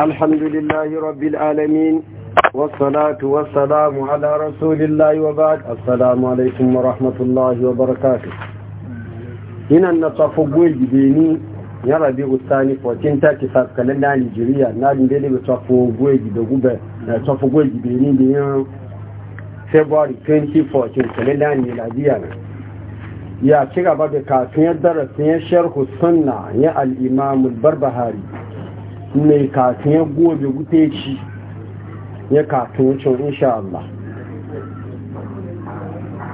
الحمد لله رب العالمين والصلاة والسلام على رسول الله وبعد السلام عليكم ورحمة الله وبركاته هنا نتفقوا الجديني يا ربيع الثاني 1435 كالندا الجيريا نادي بيلي بتفقوا الجديني نتفقوا الجديني بيان February 2014 kalenda miladiya ne ya ci gaba da kafin darasin sharhu sunna ya al-Imam al-Barbahari mai katon ya gobe gute shi ya katon wucin insha Allah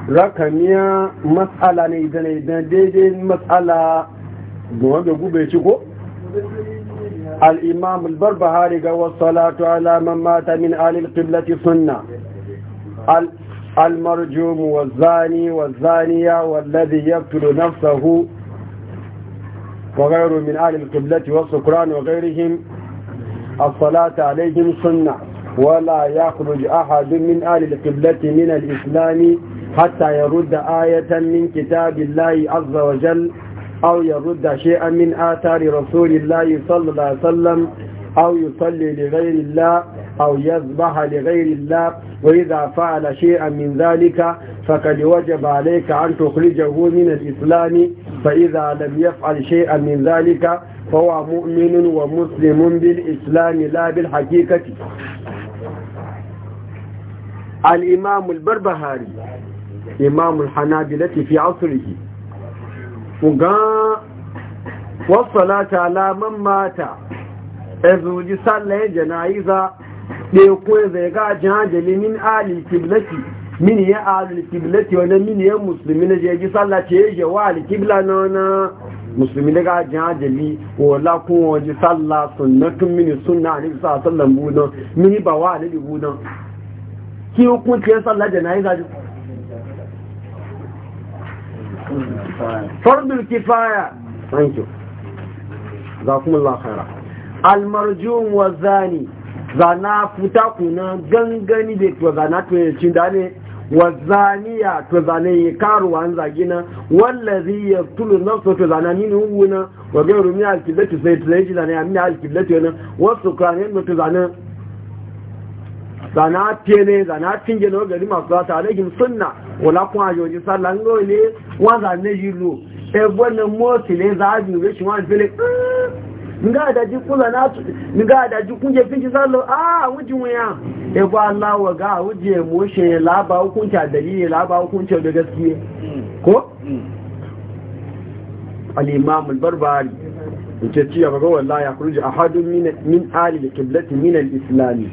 rakamiya matsala ne idan daidai matsala da gube ci ko? al’imam albarba Buhari ga wasu salatu alaman mata min alil filati suna Almar marjumu wa zani wa zaniya wallazi yaqtulu nafsahu wa gairu min ahli al-qiblati wa sukran wa ghayrihim الصلاة عليهم سنة ولا يخرج أحد من أهل القبلة من الإسلام حتى يرد آية من كتاب الله عز وجل أو يرد شيئا من آثار رسول الله صلى الله عليه وسلم أو يصلي لغير الله أو يذبح لغير الله وإذا فعل شيئا من ذلك فقد وجب عليك أن تخرجه من الإسلام فإذا لم يفعل شيئا من ذلك فهو مؤمن ومسلم بالإسلام لا بالحقيقة الإمام البربهاري إمام الحنابلة في عصره وقال والصلاة على من مات إذ وجسال جنائزة ɗaya ko zai ga jihajali min ali kiblati min ya ali kiblati wani min ya musulmi na jirgi sallah ce ya wa ali kibla na wani musulmi na ga jihajali wala kun waje sallah sunnatun min sunna a nufi sa sallan budon ba wa alibi budon ki hukunciyar sallah yi ji fardul kifaya thank you zakumullah khaira al marjum wa zani zana futa kuna gangani da to zana to ya da dane wa zaniya to zana yi karu hanzar gina na zai ya tulu na so to zana nini wuna wa gairu min alkiblatu sai zai yaji zana ya min alkiblatu wasu wa sukranin to zana zana ne zana gina wa gari masu ta alaikum sunna wala kun ajoji sallango ne yi zana yilu e wannan ne za a jure shi wani fili nga adaji kula na nga adaji kunje finci sallo ah wuji wuya e ba Allah wa ga wuje mu she la ba hukunci dalili la ba hukunci da gaskiye ko al-imam al-barbari yace ciya ba wallahi yakhruju ahadun min min ali al-qiblati min al-islam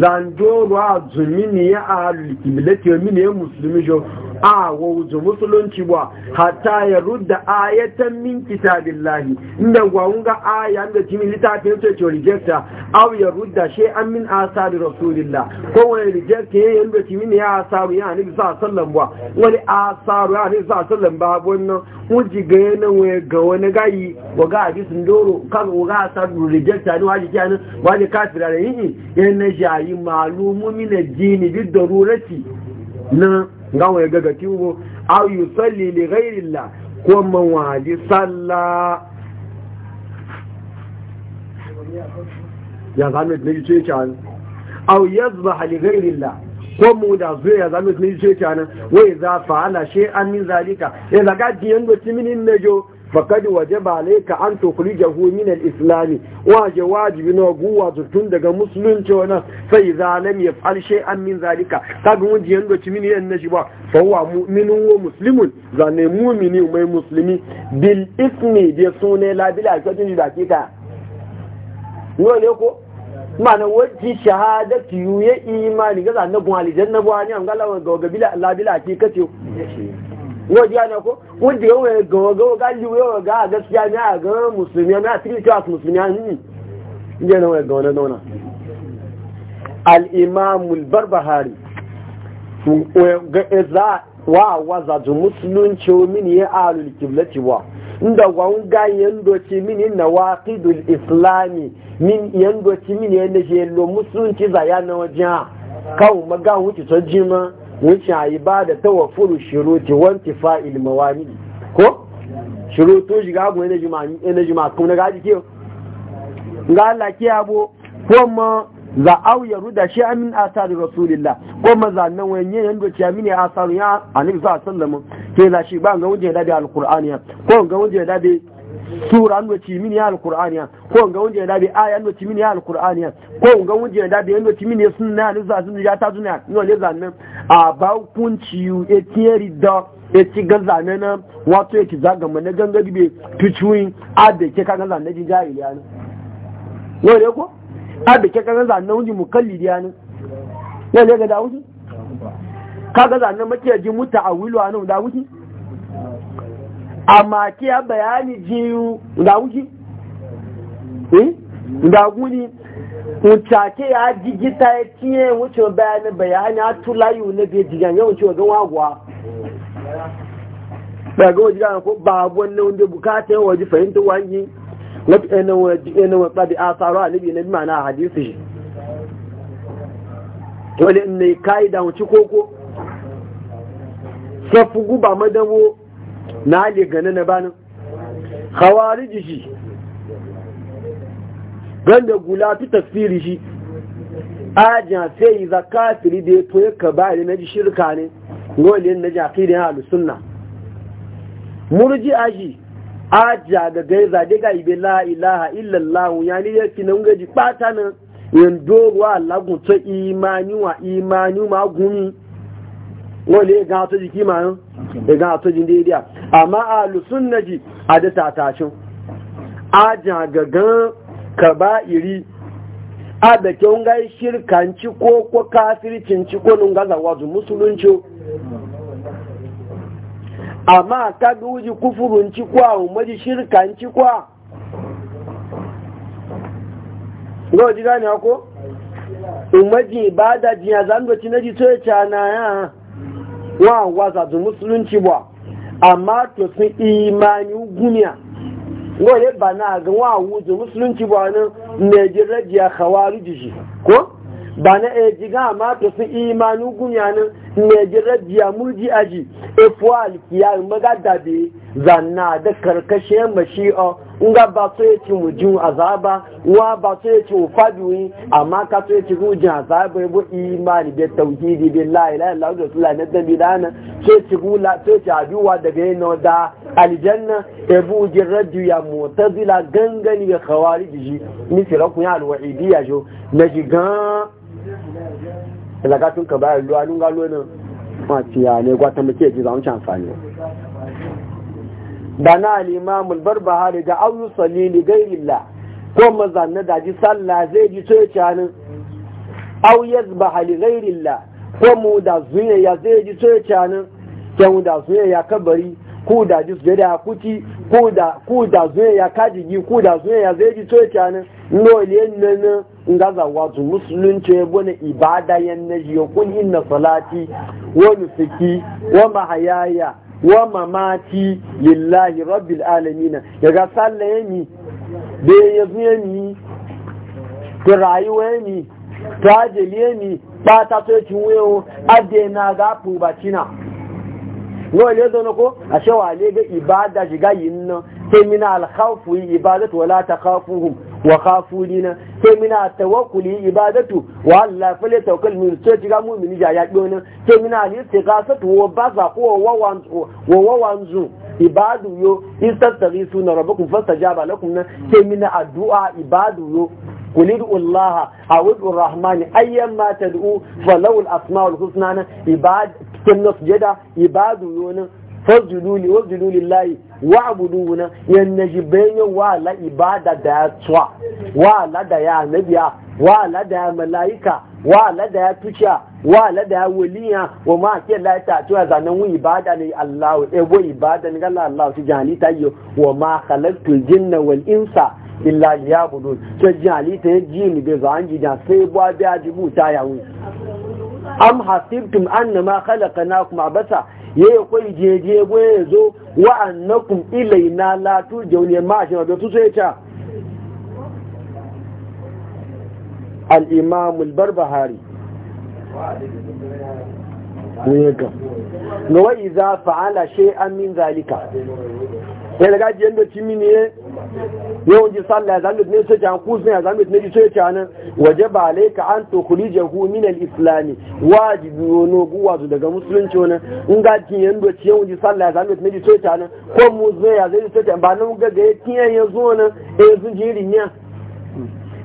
zan do wa zumini ya ali al-qiblati min ya muslimi jo a wauzu musulunci ba hatta ya rudda ayatan min kitabillahi inda gwawunga aya da cikin littafin sai ce rejecta aw ya rudda shi an min asari rasulillah ko wani reject ya yi da cikin ya asaru ya nabi sa sallan ba wani asaru ya nabi sa sallan ba wannan wuji ga yana wani ga wani gayi wa ga hadisin doro kaga wa ga asaru rejecta ne waje kiyana waje kafira da yi yana jayi malumu min addini bid darurati na gawo ya gaga Au aw yusalli li ghairi Allah ko man wali ya zame ne ce can aw yazbaha li ghairi Allah ko mu da zuwa ya zame ne ce can wai za shi shay'an min zalika ya zaga ji yando timinin mejo fakad wajaba alayka an tukhrijahu min al-islam wa jawabi na guwa tun daga musulunci wana fa idza lam yaf'al shay'an min zalika kaga wanda yando ci min na shi ba fa huwa mu'minun wa muslimun zane mu'mini mai muslimi bil ismi bi sunne la bila kadin da kika ne ko mana wajen shahadatu yuye imani ga zanagun alijanna ba ni an galawa ga bila la bila kika ce wọ́n jẹ́ àná kó wọ́n jẹ́ òun ẹ̀gàn ọ̀gá ọ̀gá lúwẹ́ ọ̀gá àgẹ́síyá ní àgán mùsùlùmí àmì ga àti mùsùlùmí àmì jẹ́ náà ẹ̀gàn ọ̀nà náà al'imamu barbahari za wa waza ju musulunci mini ya alul kiblati wa inda wanga yandoci mini na waqidul islami min yandoci mini ya nashi lo musulunci za ya na wajen kawo maga wuce ta jima wuce a yi ba da tawafuru shiruti wanti fa'il mawani ko shiruto shiga abu yana jima kuma na gaji ke ga Allah ke abu kuma za a ya ruda shi amin asarin rasulillah kuma za nan wani yanyan doci amin ya asari ya anabi sa sallama ke za shi ba ga wajen dabe alkur'aniya ko ga wajen dabe sura an doci min ya alkur'aniya ko ga wajen dabe aya an doci min ya alkur'aniya ko ga wajen dabe an doci min ya sunna ne za sun ja ta duniya ne za nan a ba hukunci ya e tiyari e e da ya ganza gaza na wato ya ci zagama na ganga bai tuciwin adake kan gaza na jijari ya nan yau da ko ke ka gaza na wujin mu kalli nan yau da ga da wuce ka gaza na yaji muta a wilo a nan da A amma kiya bayani jiyu da wuce eh da wucake ya jigita ya tiye wuce bayanin bayani a tulayu na biya jigan yawon ce wajen wagwa daga wajen gana ko ba abuwan na wanda bukata yawan waje fahimta wani wata yana wata da asaro a nabi na bi a hadisi shi wani ina yi kayi da wuce koko safu ba madawo na ali gane na banin hawariji shi ganda gula ta tafsiri shi ajan sai za kafiri da ya toye ka bari na ji shirka ne gole na ji da ya ahlus sunna murji aji aja ga gaiza de ga ibe la ilaha illa allah yani yake na gaji pata nan yin wa lagun ta imani wa imani ma gumi gole ya to jiki ma nan ga to jin daidai amma ahlus sunna ji tatashin. tashin aja ga gan kaba'iri a da kyau ngai shirkanci ko ko kafircinci ko nun gaza wazu musulunci amma ka duji kufurunci kwa umaji shirkanci kwa ga ji gane ko umaji ibada jiya zan ci na ji so ya na ya wa waza musulunci ba amma to sun imani guniya wale ba na ga wa wuce musulunci ba na najeriya jiya hawari ko ba na e jiga ma to sun imani gunya na najeriya jiya murji aji efuwa alkiyar magadabe zanna da karkashe mashi'a nga ba to mu jun azaba wa ba to mu yi, amma ka to yake jun azaba yabo imani bi tauhidi billahi la ilaha illallah na dambi bidana to yake gula to yake aduwa daga yin da aljanna e ji jirradu ya mu'tazila gangani ya khawariji ji ni firaku ya ya jo na ji shiga e lagatun ka bayar luwa nun ga lona ma ya ne gwata muke ji zamu ci amfani da na al-imam al-barbahari ga an yusalli li ghayrillah ko mazanna da ji sallah zai ji to yace hanin ba hali gairi ghayrillah ko mu da zuya ya zai ji to yace hanin kyan da zuya ya kabari ko da ji zuya ya kuti ko da da zuya ya kajigi ko da zuya ya zai ji to yace hanin no le nan ngaza wato musulunci ya bane ibada yan naji ya kun inna salati wa nusuki wa mahayaya wa mamati lillahi rabbil alamina, ya ga sallaye ni da ya zuye ni ta rayuwa ni ta ajeliye ni ba ta so ya cin wuyo na ga fubacina yau ne zo ko a shawale ibada shiga yin nan sai mina alkhawfu ibadatu wala takhafuhum wa na sai mina tawakkuli ibadatu wa Allah fale tawakkal min sai tiga mu'mini ja ya gona sai mina ali istighasatu wa baza ko wa wanzu wa ibadu yo istastaghisuna rabbakum fastajaba lakum sai mina addu'a ibadu yo قل ادعوا الله او ادعوا الرحمن ايما تدعوا فلو الاسماء الحسنى عباد كن نسجد عباد يون fasjuduli wasjuduli lahi wa abuduna yanne jibayen wa la ibada da ya tsuwa wa la da ya nabiya wa la da ya malaika wa la da ya tuciya wa la da ya waliya wa ma ke la ta tuwa zanen wi ibada ne Allah e eh, bo ibada ne Allah Allah su jani ta yi wa ma khalaqtu jinna wal insa illa liyabudun to jani ta jini be za an ji da sai bo biya jibu ta yawo am hasibtum annama khalaqnakum abasa yayi koyi jeje ya yazo wa annakum ilaina la turjaun ma shi ba to sai ta al imam barbahari ga wa iza fa'ala min zalika sai daga jiyan da cimini ne ji sallah ya zami ne soja an kusun ya zami ne soja nan waje ba laika an to kuli jahu min al-islami wajibi wono zu daga musulunci wani in ga kin do ci yawanci sallah ya zami ne soja nan ko mu zai ya zai soja ba nan ga ga tiyan ya zo nan e zun jiri ne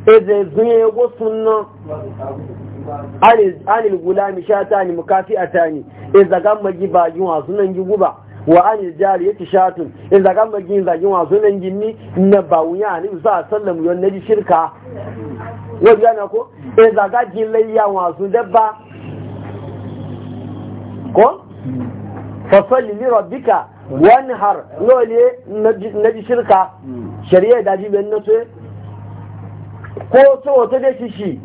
e zai zun ya go sunna anil gulami shatani mukafi'atani e zagan magi ba yun sunan gi guba wa an jari yake shatun in zagan magin zagin wasu nan ginni na ba wuya ne a sallam yon ji shirka wajen na ko in zaga jin layya wasu dabba ko fasalli li rabbika har lole ji shirka shari'a da ji ben nace ko to wata da shi shi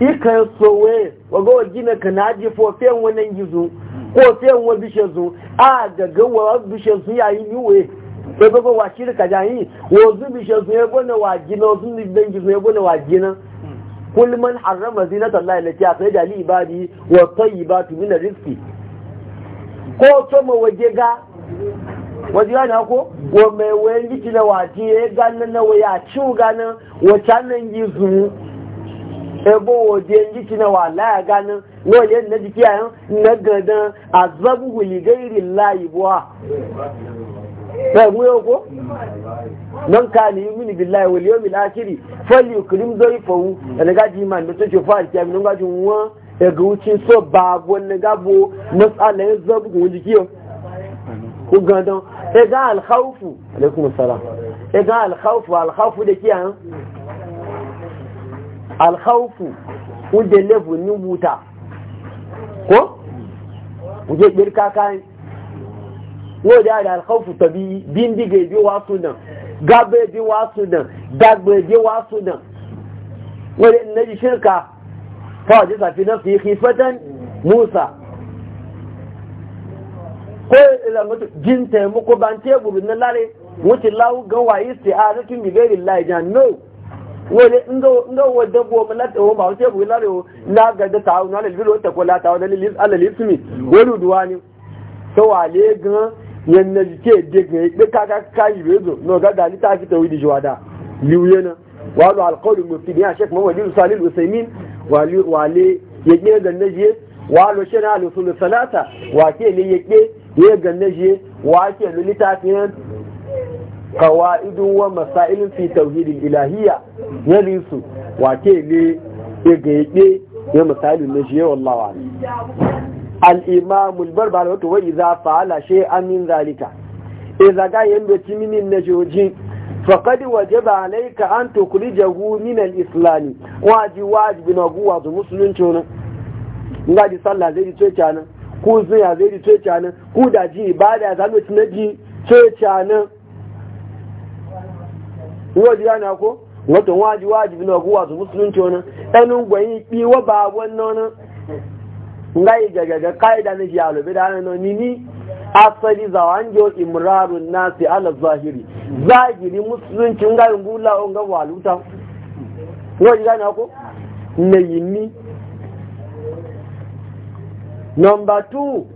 ikan sowe wago gina kanaji fofen wani gizo ko sai wani bishe zu a daga wani bishe zu yayi yiwe sai baba wa shirka jahi wa zu bishe zu ya gona wa gina zu ni dangi zu ya gona wa gina kul man harrama zinata allahi lati akai da li ibadi wa tayyibatu min rizqi ko to ma waje ga waje ga na ko wa mai wayan gitina wa ti ya ganan na wa ya ciu ganan wa canan gizu ebo waje na wala ya ganin wale na jiki a yan na gadan a zabu wuli gairi layi buwa mu ko don ka ni mini billahi e, wal yawmi al akhiri fal yukrim zaifahu da ga ji man da take fa alkiyami don ga ji wa da ga wuce so babu wannan gabo masala ya e zabu wuli kiyo ku gadan e ga al khawfu alaikum assalam e ga al khawfu al khawfu da alhaufu wanda level ni wuta ko wuje birka kan wo da da alhaufu tabi bin dige bi wasu nan gabe bi wasu nan dagbe bi wasu nan wanda na ji shirka fa waje safi na fi khifatan musa ko ilamatu jin taimako ban teburu na lare wuce lawu gawa isti'aratun bi ghairi llahi jan no wani inda wa dabo malata wa ba wace bula da na ga da tawo na lalbi lo ta ko la tawo na lalbi alal ismi wani Ta wale gan yanna ke de ga be ka ka kai bezo no ga dali ta fi tawidi jwada liuyena walu alqawl mufti ya shek muhammad bin salih al-usaymin wali wale yake ga naje walu shana al-usul salata wa ke ne yake ya ga naje wa ke lulita fiyan qawaidun wa masailin fi tauhidil ilahiyya yali su wake ne ya gaye ya misalin na shi yawan lawa al imam al barbar wato za a fa'ala shay'an min zalika idza ga yanda timinin na joji faqad wajaba alayka an tukhrijahu min al Islami waji wajibi na guwa zu musulunci ne ngaji sallah zai ji tsoci nan ku zai ji tsoci nan ku da ji ibada zalo tinaji nan wọ́n di yánà kó wọ́n tó wọ́n ajú wájú bí náà kó wà tó musulunci wọn ẹnu gbẹ̀yìn pí wọ́n bá wọn náà nga yi gagaga ka'ida na ji alobe da hannun ni ni asali zawanjo imrarun nasi ala zahiri zahiri musulunci nga yi ngula nga waluta wọ́n di yánà kó na yi ni number two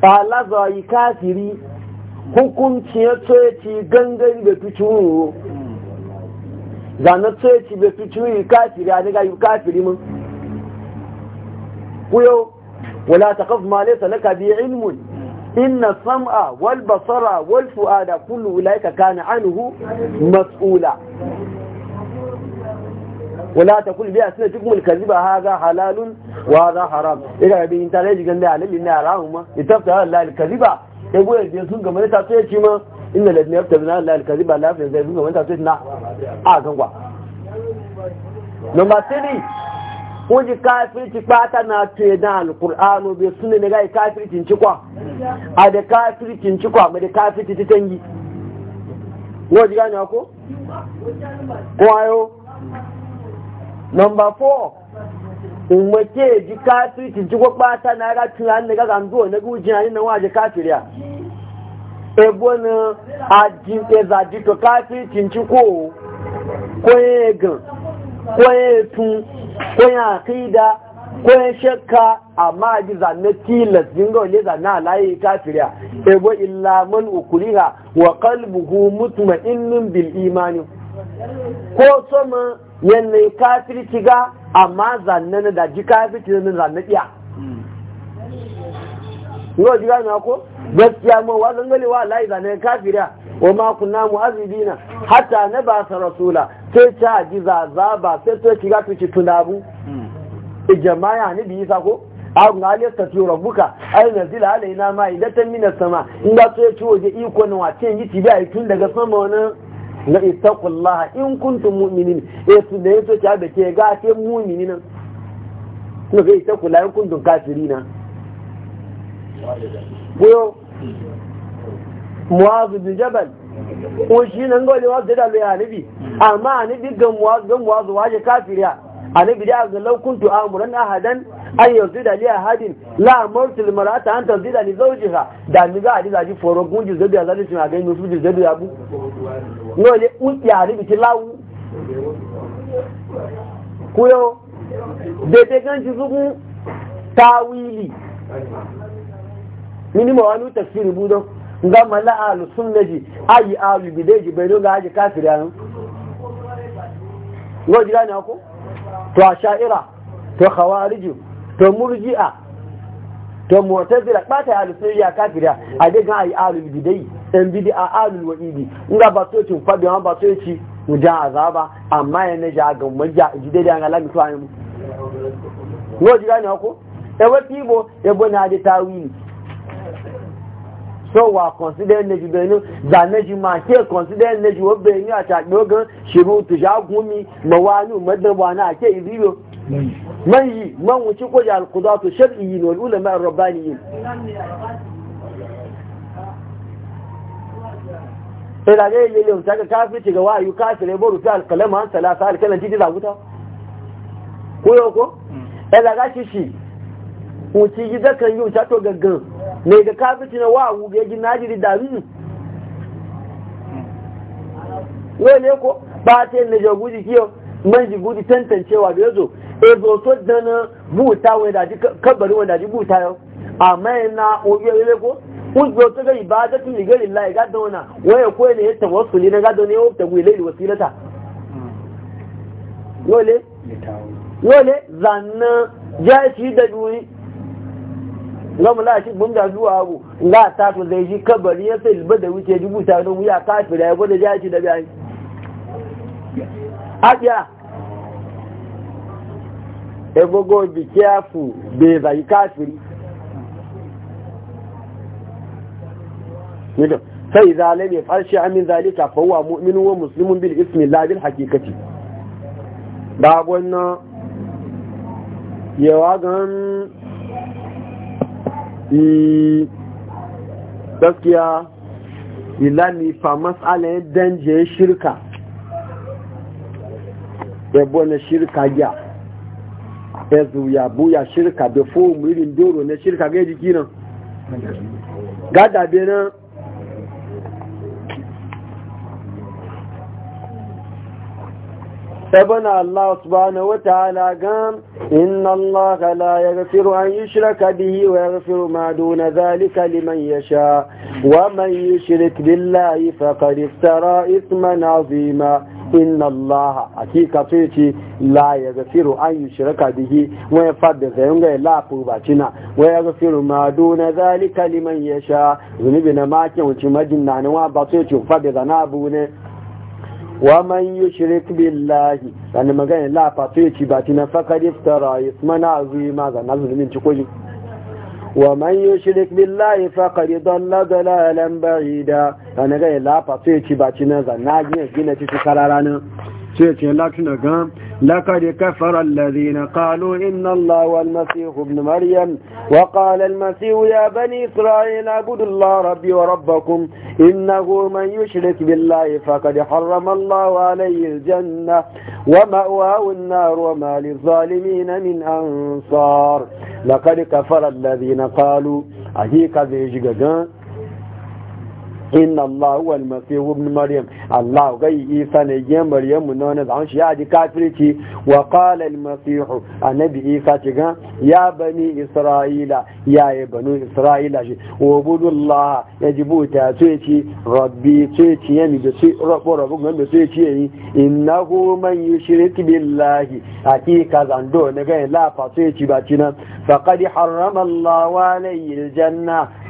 kala zawa yi kafiri hukunci ya tsaye ci gangan da fi zana tsaye ci da fi cuyi kafiri a daga yi kafiri mun kuyo wala ta kafa male ta laka biya ilmun Ina sam'a wal basara wal fu'ada kullu ulaika kana anhu mas'ula wala ta kullu biya suna cikin mulkazi ba haza, halalun wa za haram ina bi intanet gande halalin ne haramu ma ita ta halalin kaziba ebo ya sun gama ta tsaye ci ma da ladin ya tabbana Allah alkazi ba lafiya zai sun gama ta tsaye na a gangwa number 3 ji kafirci bata na tuye na alkur'ano bai suna ne gai cikwa a da kafircin cikwa mai da kafirci ta tangi wajen gani ako? kwayo number 4 umarke ji kafirci ji kwakwata na ga tunanin da gaga ndo na guji na nan waje kafiriya ebo na ajin eza ji to kafirci ji ko koye gan koye tun koye akida koye shakka amma ji zanne tilas din ga wale zanne alayi kafiriya ebo illa man ukuriha wa qalbuhu mutma'innin bil imani ko sama kafiri ci ga amma zanne na da ji kafiri ci na zanne ɗiya yau ji gani ko gaskiya ma wa zangale wa layi kafiri kafiriya wa ma kunna hatta na ba sa rasula sai ta ji zaza ba sai ta shiga tuci tunabu e jama'a ne bi sa ko a yasta na aliyar buka a yi na zila na ma idan ta mina sama in ga so ya ci waje iko na wace yi ci biya tun daga sama wani na istaqullaha in kuntum mu'minin eh su da yato ta da ke ga ke mu'minin kuma ga istaqullaha in kuntum kafirina ko muazu bin jabal ko shi nan gole wa da dalil halibi amma anabi ga muazu ga muazu waje kafiriya anabi da ga law kuntu amuran ahadan an yanzu da liya hadin la martul marata an tanzu da ni zaujiha da ni za a ji zaji foro gunji ji zabi a zaji suna gani musu ji zabi abu no ne un yari biki lawu kuyo daidai kan ji zubu tawili mini ma wani tafsiri budon ga mala alu sunnaji ayi alu bidaji bai ga aji kafiri anu ngo jira ne ko to a sha'ira to khawariju to murji'a to mu'tazila bata al-sunniya kafira a dai ga ai alul bidai dan bid'a alul wa'idi in ga ba to cin fadi ma ba to ci mu ja azaba amma ya ne ja ga mu ja jide da ga lami to ayi mu no ji gani ko e wati bo e bo na de tawili so wa consider ne jibe no za ne ji ma ke consider ne ji wo be ni ata dogan shiru tujagun mi mawanu madan bwana ke izibo man yi man wuce ko da alqudatu shar'iyyin wal ulama ar-rabbaniyyin sai da yayin yayin ta ga kafirci ga wayu kafire boru fi alqalama an salasa alkalan titi da wuta ko yau ko wuce yi to gaggan ne ga kafirci na wawu ga ji najiri da wai ne ko ba ta yin na jaguji kiyo man jiguji tantancewa da ya zo ebo dana buta wọn dàjí kábàrí wọn dàjí búta yọ àmọ́ ẹ̀nà orí ẹ̀rẹ́ kó wọ́n jọ tó gẹ́ ìbá tó tún láì gádùn ọ̀nà wọ́n yẹ kó ẹ̀nà ẹ̀tẹ̀wọ́ sùn ní gádùn ní ilé zanna jẹ́ láti ta tún zai kábàrí ta wuya kafira ya gwada ebogo be careful be zai kafiri nido sai zalai ya farshi amin zalika fa huwa mu'min wa muslimun bil ismi la bil haqiqati babu wannan yawa gan i gaskiya ilani fa mas'ala danje shirka yabo na shirka ya ya zuya buya shirka da fom irin doro na shirka ga jiki nan Allah be nan ابن الله سبحانه وتعالى قال إن الله لا يغفر أن يشرك به ويغفر ما دون ذلك لمن يشاء ومن يشرك بالله فقد افترى إثما عظيما inna Allah hakika to yace la yaghfiru an yushraka bihi wa yafadda zayun ga la fubacina wa yaghfiru ma duna zalika liman yasha zunubi na ma ke wuce majinna ne wa ba to yace fadda zanabu ne wa man yushrik billahi dan magana la fa to yace batina fakad iftara ismana azima ga nazumin ci koji ومن يشرك بالله فقد ضل ضلالا بعيدا انا لا فاتي باتنا زناجي نزا ناجي تشي كرارانا تشي لا تشي لقد كفر الذين قالوا إن الله والمسيح ابن مريم وقال المسيح يا بني إسرائيل اعبدوا الله ربي وربكم إنه من يشرك بالله فقد حرم الله عليه الجنة ومأواه النار وما للظالمين من أنصار لقد كفر الذين قالوا أهيك ذي جغجان inna Allah huwa masih ibn maryam Allah gai isa ne ge maryam no ne da shi ya ji kafirci wa qala al-masih annabi isa ce ga ya bani isra'ila ya yi banu isra'ila shi wa budullah yajibu ta ce ci rabbi ce ci yani da ci rabo rabo ga da ce ci yi innahu man yushrik billahi hakika zando ne ga la fa ce ci ba ci nan faqad harrama Allah alayhi al-janna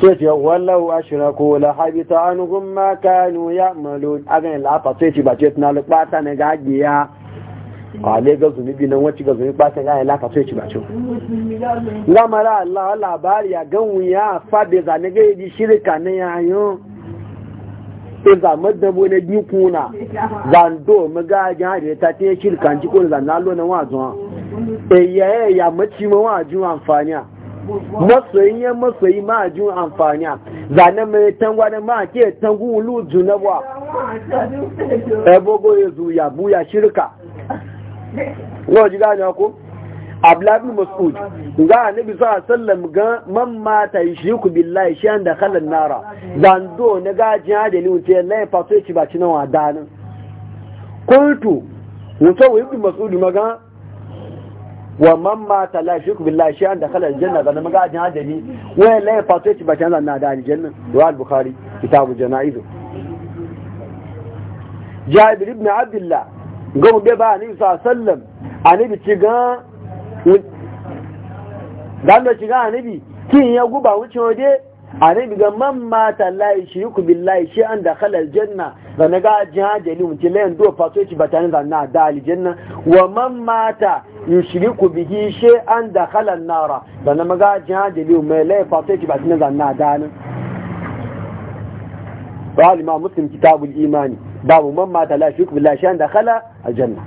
sai ce wallahu ashraku la habita anhum ma kanu ya'malun agan la fa sai ce ba ce tana lubata ne ga giya a le ga zunubi nan wacce ga zunubi ba ta ga lafa fa sai ce ba ce na mara Allah labari ya gan wuya fa da zane ne ga yi shirka ne yayo e za madabo ne bi kuna zando mu ga ja da ta te shirka ji ko zan na lo na wa zuwa e ya ya maci ma wa ju amfaniya masoyin masoyi ma jin amfani zane mai tangwa da ma ke tangu lu juna ba ebogo ya zuya buya shirka wọ́n ji gane ko ablabi mas'ud ga annabi sallallahu alaihi sallam ga man mata yushriku billahi shan da khalan nara zando na ga jiya da ni wuce lai fato ci ba ci na wadanin kultu wuce wa ibnu mas'ud maga wa man mata la shirku billahi an dakhala aljanna ga maga ajin hadari wai la fato ci bacan zanna da aljanna wa al-bukhari kitabu janaizu jabir ibn abdullah gomu be ba ni sa sallam anibi ci ga dan da ci ga anibi kin ya guba wuce ode annabi ga man mata shi yushriku billahi shay'an shi an da naga jihadi mun ce layan do fato ci batan da na da aljanna wa man mata yushriku bihi an da an-nara da naga jihadi mun mai layan fato ci batan da na da nan Ba al muslim kitabul imani babu man mata shi an da shay'an dakhala aljanna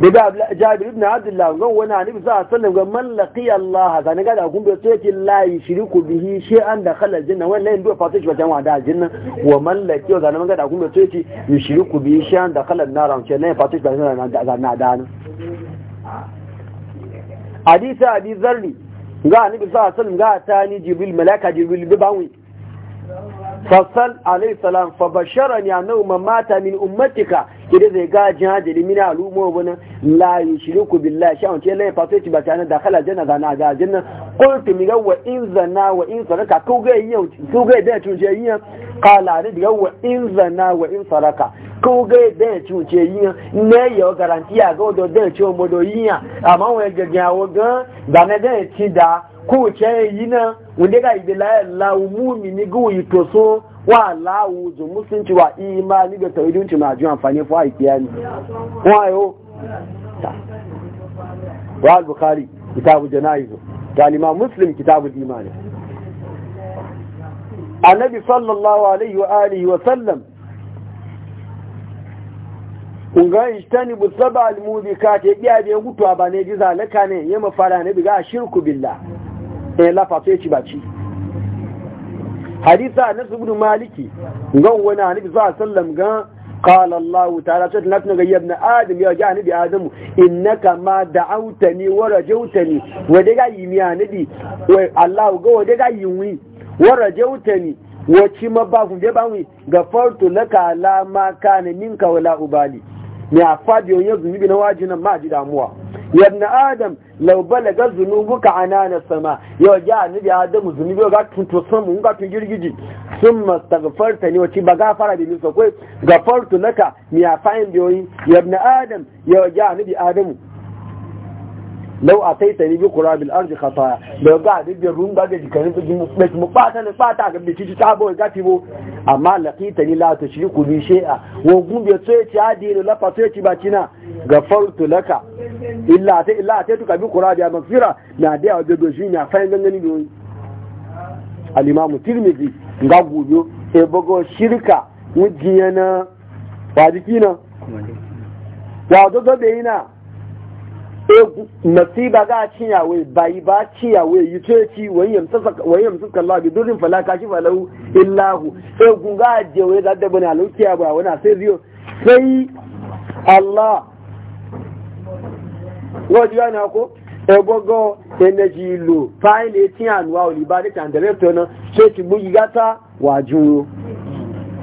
daga jabir ibn abdullahi ga wani anibi za a sallam ga mallaki allah ga ne gada gumbe kun yake layi, shiriku bihi bihi an da khala jinna wani layin bai fata shi wajen wada jinna wa mallaki laqiya ga ne ga da kun bai shiriku bihi shi an da khala nar an ce ne fata shi wajen da na dan hadisi abi zarri ga annabi za a sallam ga tani jibril malaka jibril bi bawi fasal alayhi salam fa bashara ni annahu mamata min ummatika kide zai ga jihadi min al'umma wani la yushriku billahi sha on tele fato ti bata da kala janna da na ga janna qultu min wa in zana wa in saraka ko ga yiyo ko ga da tu je yiyo qala ni ga wa in zana wa in saraka ko ga da tu je yiyo ne yo garantiya ga do da tu mo do yin amma wa ga ga wa ga da ne da ti da kowace yi na wanda ga ibi layar lawu ni ga wuyi to so wa lawu zu musulunci wa imani ga tawidunci ma ji amfani fa a kiyani wayo wa al-bukhari kitabu janayiz da imam muslim kitabu imani annabi sallallahu alaihi wa alihi wa sallam unga bu sab'al mubikat ya biya biya gutuwa ba ne ji zalaka ne yema fara ne biga shirku billah in eh, lafa ya ci baci hadisa na subnu maliki gan wani za a sallam gan قال الله kama da تنغي يا ابن ادم يا جانب ادم انك allah ga wadda ga yi wara jauta ne wacce ma ba kun je ba ga farto na kala ma kana wala ubali yanzu ni na wajinan ma ji damuwa ya ibn adam law balaga dhunubuka anana sama yo a annabi Adamu zunubi ga tunto samu ga tun girgiji summa astaghfarta ni wati baga fara da misa kai gafartu laka miya afain biyoyi ya ibn adam yo a annabi adamu lau a taita ne bi kura bil arzi khataya da ga dibin rumba ga jikarin bijin mu bata ne bata ga bici ci tabo ga tibo amma laqita ni la tushriku bi shay'a wa gumbe tsaye ci adinu la fa tsaye ci bacina gafartu laka illa ta illa ta tuka bi kura da magfira na da ya dodo shi ne fa gangani bi al imam tirmidhi ga gubo e bogo shirka wujiyana wa dikina wa dodo be ina nasiba ga wai bayi ba ciyawe yi ce ci wayyam suka Allah bi durin fala kashi falau illahu sai gunga ga jewe da da bana lokiya ba wani sai ziyo sai Allah wadi na ko ebogo energy lo file ti anwa oli ba de tan director na sai ti bu yigata waju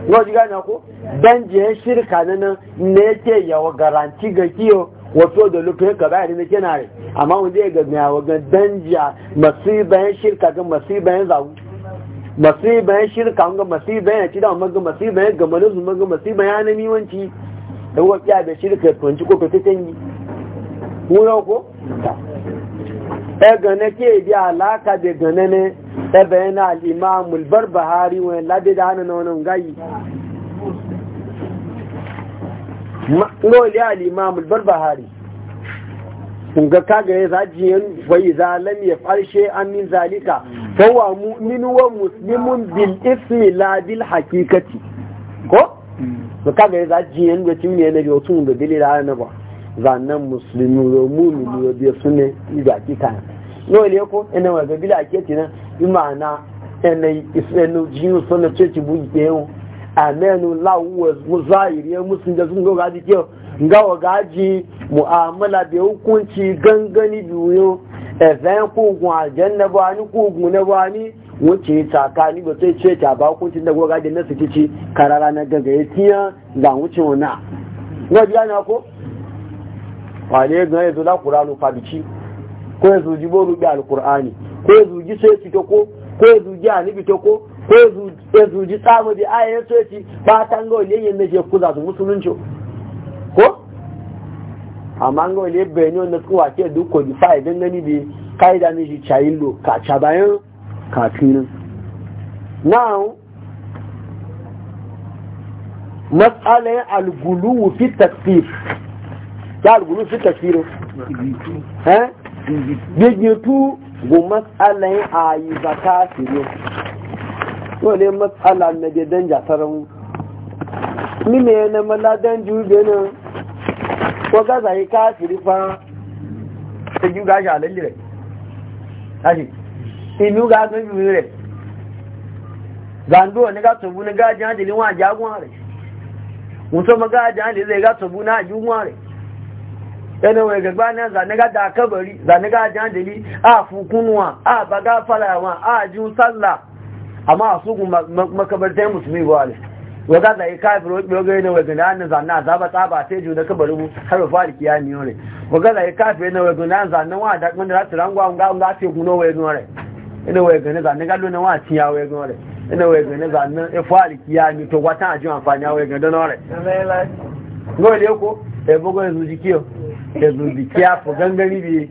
wadi na ko dan je shirka nan ne ke yawa garanti ga kiyo wato da lufin ka ba ne kina ne amma wanda ya gazna wa ga danja masiban shirka ga masiban zagu masiban shirka ga masiban ya ci da amma ga masiban ga malazu ga masiban ya nemi wanci da wakiya da shirka tunci ko fititin yi wuro ko e gane ke bi alaka da gane ne ebe yana al-imam al-barbahari wa ladida hanan wannan gayi lori al'imamu barbahari ga kaga ya zajiyan wai zalam ya farshe amin zalika mu'minu wa muslimun bil ismi la bil hakikati ko? ga kaga ya zajiyan da cin ne na biyu tun da dalila na ba zanen muslimu da mu'minu da su ne izu hakika na lori ya ko ina wa ga bil hakikati na imana ina isenu jiyu sunna ce ci bugi ɗaya amenu lawuwa zairi ya musun da sun gawa gaji kyau gawa gaji mu'amala da hukunci gangani biyu efen kogun aljanna ba ni kogun na ba ni wuce ni ba sai ce ta ba hukuncin da gawa gaji na su kici karara na gagaye tiya ga wuce wana biya na ko wane ga yanzu la kuranu fabici ko zuji jibo bi alkur'ani ko ya ji sai fito ko ko yanzu ji anibi to ko ko ya zuji tsamu da aya ya so ci ba ta ga wale yin da ke za su musulunci ko amma ga wale bayani wanda suka wake duk kodifai don gani da ka'ida ne shi cayin lo ka ca bayan kafinin now matsalar algulu fi tafsir ya algulu fi tafsir eh bigitu go matsalar ayi zakati ne wani matsala na da danja tsaron mine maladan jube nan waka zai kafiri fa ta yi gashi a lallire ashe inu ga haka yi rẹ̀ gando wani ga tobu na gajin hajjilin wa jagun rẹ̀ mutum ma gajin hajjilin zai ga tobu na ajiyun rẹ̀ yana wai gagba na zanaga da kabari zanaga ajiyar dali a fukunuwa a baga falawa a sallah amma su makabartan musulmi ba ne waga da ya kafir wani ɓogai na wagana na zanna za ba tsaba sai ju da kabarin har ba fari kiya ne yore waga da ya kafir na wagana zanna wa da kuma da tsiran gwa nga nga ce guno wai gore ina wagana zanna na wa ciya wai gore ina wagana zanna e fari kiya ni to wata ajin amfani ga don ore ngole ko e eh, bogo zu dikiyo e zu dikiya fo gangari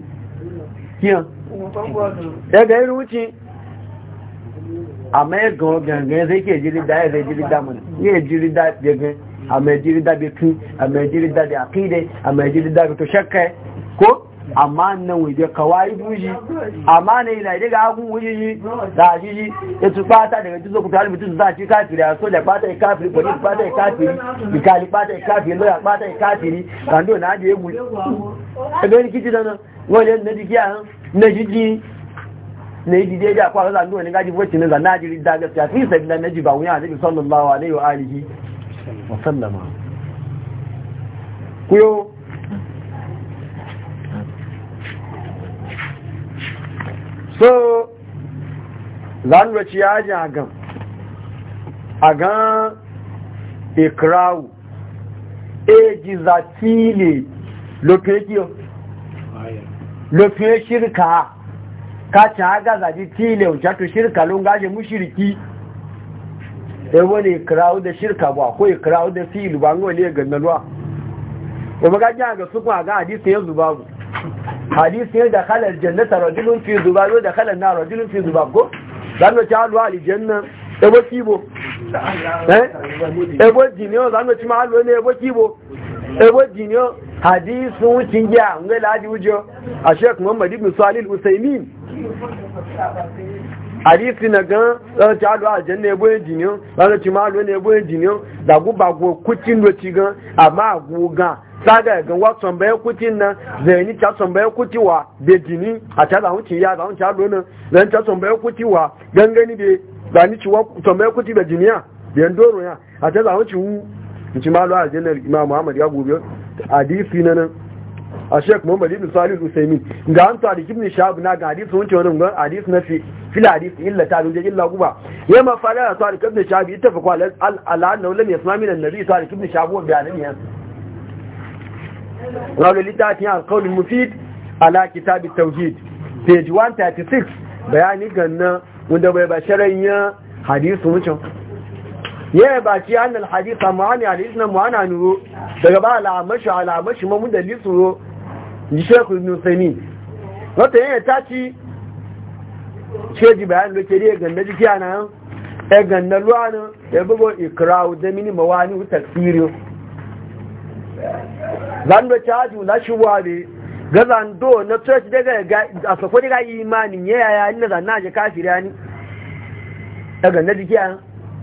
ya ga àmọ́ ẹ̀gàn gàngàn ṣe kí èjìrídá ẹ̀rẹ̀ èjìrídá mọ̀ ní èjìrídá gẹ̀gẹ̀ àmọ́ èjìrídá bí kí àmọ́ èjìrídá bí àkídẹ̀ àmọ́ bí tó ṣẹ́kẹ́ kó àmá náà ìdẹ kàwà ibú yìí àmá ní ilẹ̀ ìdẹ́gà agún wúyí yìí láàájí yìí ètù pátá dẹ̀rẹ̀ tí sókùtù alìbì tí sùsá káàkiri àsọ́jà pátá ìkáàkiri pọ̀lú pátá ìkáàkiri ìkàlì pátá ìkáàkiri lọ́yà pátá ìkáàkiri kàndó náà dẹ̀ ewu ẹgbẹ́ ní kìtì na yi dide da kwa zan duwa ne gaji wacce ne zan najiri da gaskiya fi sabi na naji ba wuya nabi sallallahu alaihi wa alihi wa sallama kuyo so zan wacce ya ji agan agan ikrawu eji zatili lo fi shirka kacin haga zaji tile wuce to shirka lun ngaje mushiriki sai wani kirawo da shirka ba ko kirawo da filu ba ngo wani ga nalwa ko maga ja ga su kuma ga hadisi ya zuba bu hadisi ya dakhala jannata rajulun fi zubab wa dakhala an-nar rajulun fi zubab go dan no ta alwa aljanna ebo kibo eh ebo dinio dan no ti ma alwa ne ebo kibo ebo dinio hadisun kinja ngela di ujo a sheikh muhammad ibn salil al-usaymin hadisi na gan zan ci alo ajen na ebo ejiniyo zan ci malo na ebo ejiniyo da guba go kucin roci gan ama agu gan saga gan wa tambaye kucin nan zai ni ta tambaye kuti wa da jini a ta zahun ci ya zahun ci alo na, zan ta tambaye kuti wa gangani da zani ci wa tambaye kuti da jiniya da yan doro ya a ta zahun ci wu ci alo ajen na imam muhammad ya gobe hadisi na nan a shek muhammad ibn salih usaimin ga an tsari ibn shabu na ga hadisi wancan wani ga hadisi na fi fil hadisi illa ta duje illa guba ya ma fara tariq ibn shahab ittafaqu al ala annahu lam yasma min an-nabi tariq ibn shahab wa bayanihi rawli litati al-qawl al-mufid ala kitab at-tawhid page 136 bayani ganna wanda bai basharan ya hadisi wancan ya ba ci an alhadisa ma'ani al'isna ma'ana nuro daga ba al'amashi al'amashi mamun da lisuro ji shekul nusani wata yanya ta ci ji bayan lokere ya ganda jiki a nan ya ganda ruwa ya bugo ikirawo da mini mawani wuta firiyo zan da caji shi ware ga zando na church daga a sakwai ga imanin yaya yana zanna ji kafiriya ne ya ganda jiki a nan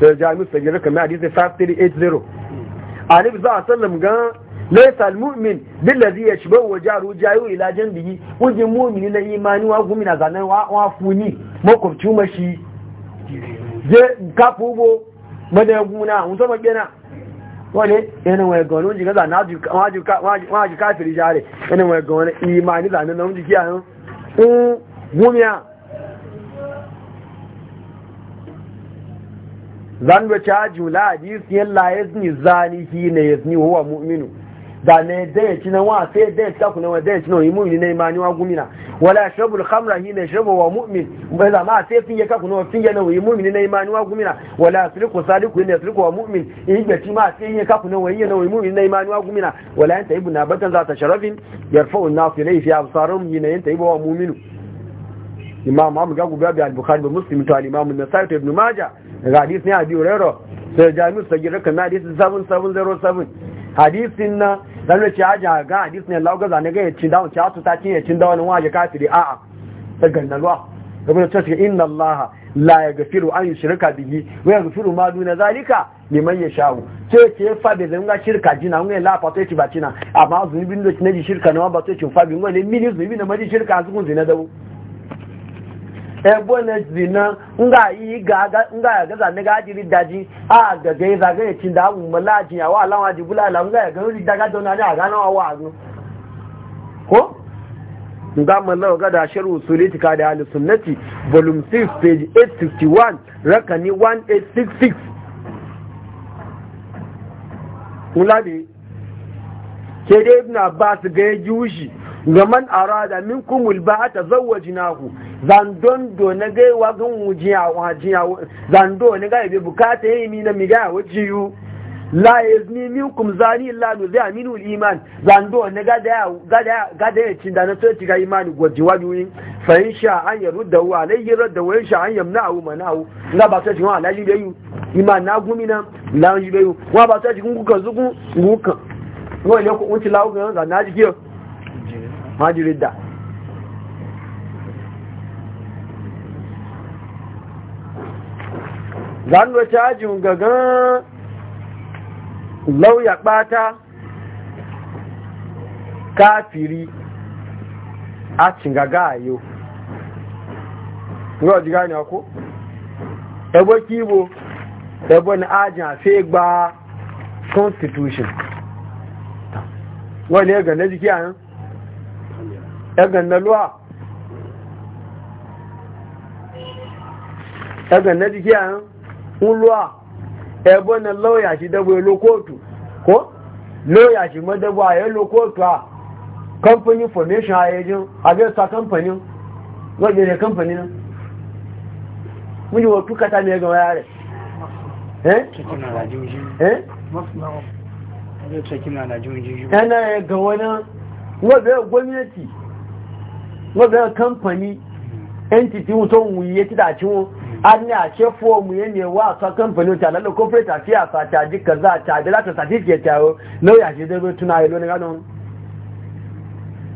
sai jami'u sai raka mai hadisi 5380 annabi sallallahu a sallam ga laysa almu'min billazi yashbahu wa jaru jayu ila janbihi wajin mu'mini na imani wa gumina zanan wa wa funi makwabci mashi je kafu bo madaguna mun to magena wani yana wa ga wani gaza na waji kafiri jare yana wa ga wani imani zanen na wani gumiya zan da caji la hadisi yalla yazni zani hi ne yazni huwa mu'minu da ne dai ci na wa sai dai ta kuna wa dai ci na mu'mini ne imani wa gumina wala shabul khamra hi ne shabu wa mu'min ba za ma sai fiye ka kuna fiye na yi mu'mini ne imani wa gumina wala asliku saliku ne asliku wa mu'min in ga ci ma sai yi ka wa wayi na mu'mini ne imani wa gumina wala anta ibna batan za ta sharafin yarfa'u an-nas fi absarum hi ne anta ibu wa mu'minu imam amma ga gubabi al-bukhari da muslim to al-imam an-nasa'i ibn majah daga hadisi ne biyu hurairah sai jami'u sagira kan hadisi 7707 hadisin na dan da ciya ja ga hadisi ne lauga zane ga yace dawo ci su ta ci ya cin wa waje kafiri a a ta gannaluwa saboda ta ce inna allah la gafiru an shirka bihi wa gafiru ma duna zalika liman yasha'u ce ce fa be zan ga shirka jina ngai la fa ci bacina amma zunubin da kinaji shirka na ba ta ci fa bi ngai ne mini zunubin da maji shirka a kun zina dawo ebo na nga yi ga nga ga zane ga jiri daji a ga ga za ga cin da mu malaji ya wa alawa ji bula la nga ga ri daga na ne ga na wa no ko nga mallan ga da shiru usuliti ka da ahlus sunnati volume 6 page 861 rakani 1866 kula ne ke dai ibn abbas ga ya ji ga man arada min kumul ba ta zauwa jinahu zandon do na gaiwa gan wujiya wajiya zando na gaibe bukata yi mi na mi ga wajiyu la min kum zani lalu zai aminu iman zando ne gada ya cin da na so ci ga imani gwaji wajuyin fa in sha an yaru da wa alayhi rudda wa in sha an yamna awu manahu nga ba so ci wa iman na gumi na la yi wa ba so ci kun kuka zugun gukan ngo ne ko unti lawo ga na ji kiyo wọ́n jí rí zanuwa cajin gagan lauya ɓata kafiri a cingaga Ayo. yau rọ̀ jíga ni ọkú ẹgbẹ́ kíbo ẹgbẹ́ ni ajin Afe gba constitution Wani ya gane jiki kí àyán ẹgbẹ̀n na lọ́wọ́ ẹgbẹ̀n na jíkẹ́ àrùn ń lọ́wọ́ ẹgbọ́n na lọ́wọ́ yàṣì dẹ́gbọ́ elókóòtù kó lọ́wọ́ yàṣì mọ́ ayé elókóòtù à company formation ayéjún abẹ́sà company wọ́n company náà mú ni wọ́n túkátà ní ẹgbẹ̀n wáyà rẹ̀ ẹ̀ẹ́ ẹ̀ẹ́ ga wani wọ́n bẹ̀rẹ̀ gwamnati wọ́n kọ́mpàní entity tó ń wùyẹ títà tí wọ́n a ní àṣẹ fọ́ọ̀mù yẹn ni wà sọ kọ́mpàní ó tàbí corporate affairs àtàdí kaza àtàdí láti certificate ẹ̀rọ lóyà ṣe dẹ́gbẹ́ tún ayé lónìí ránà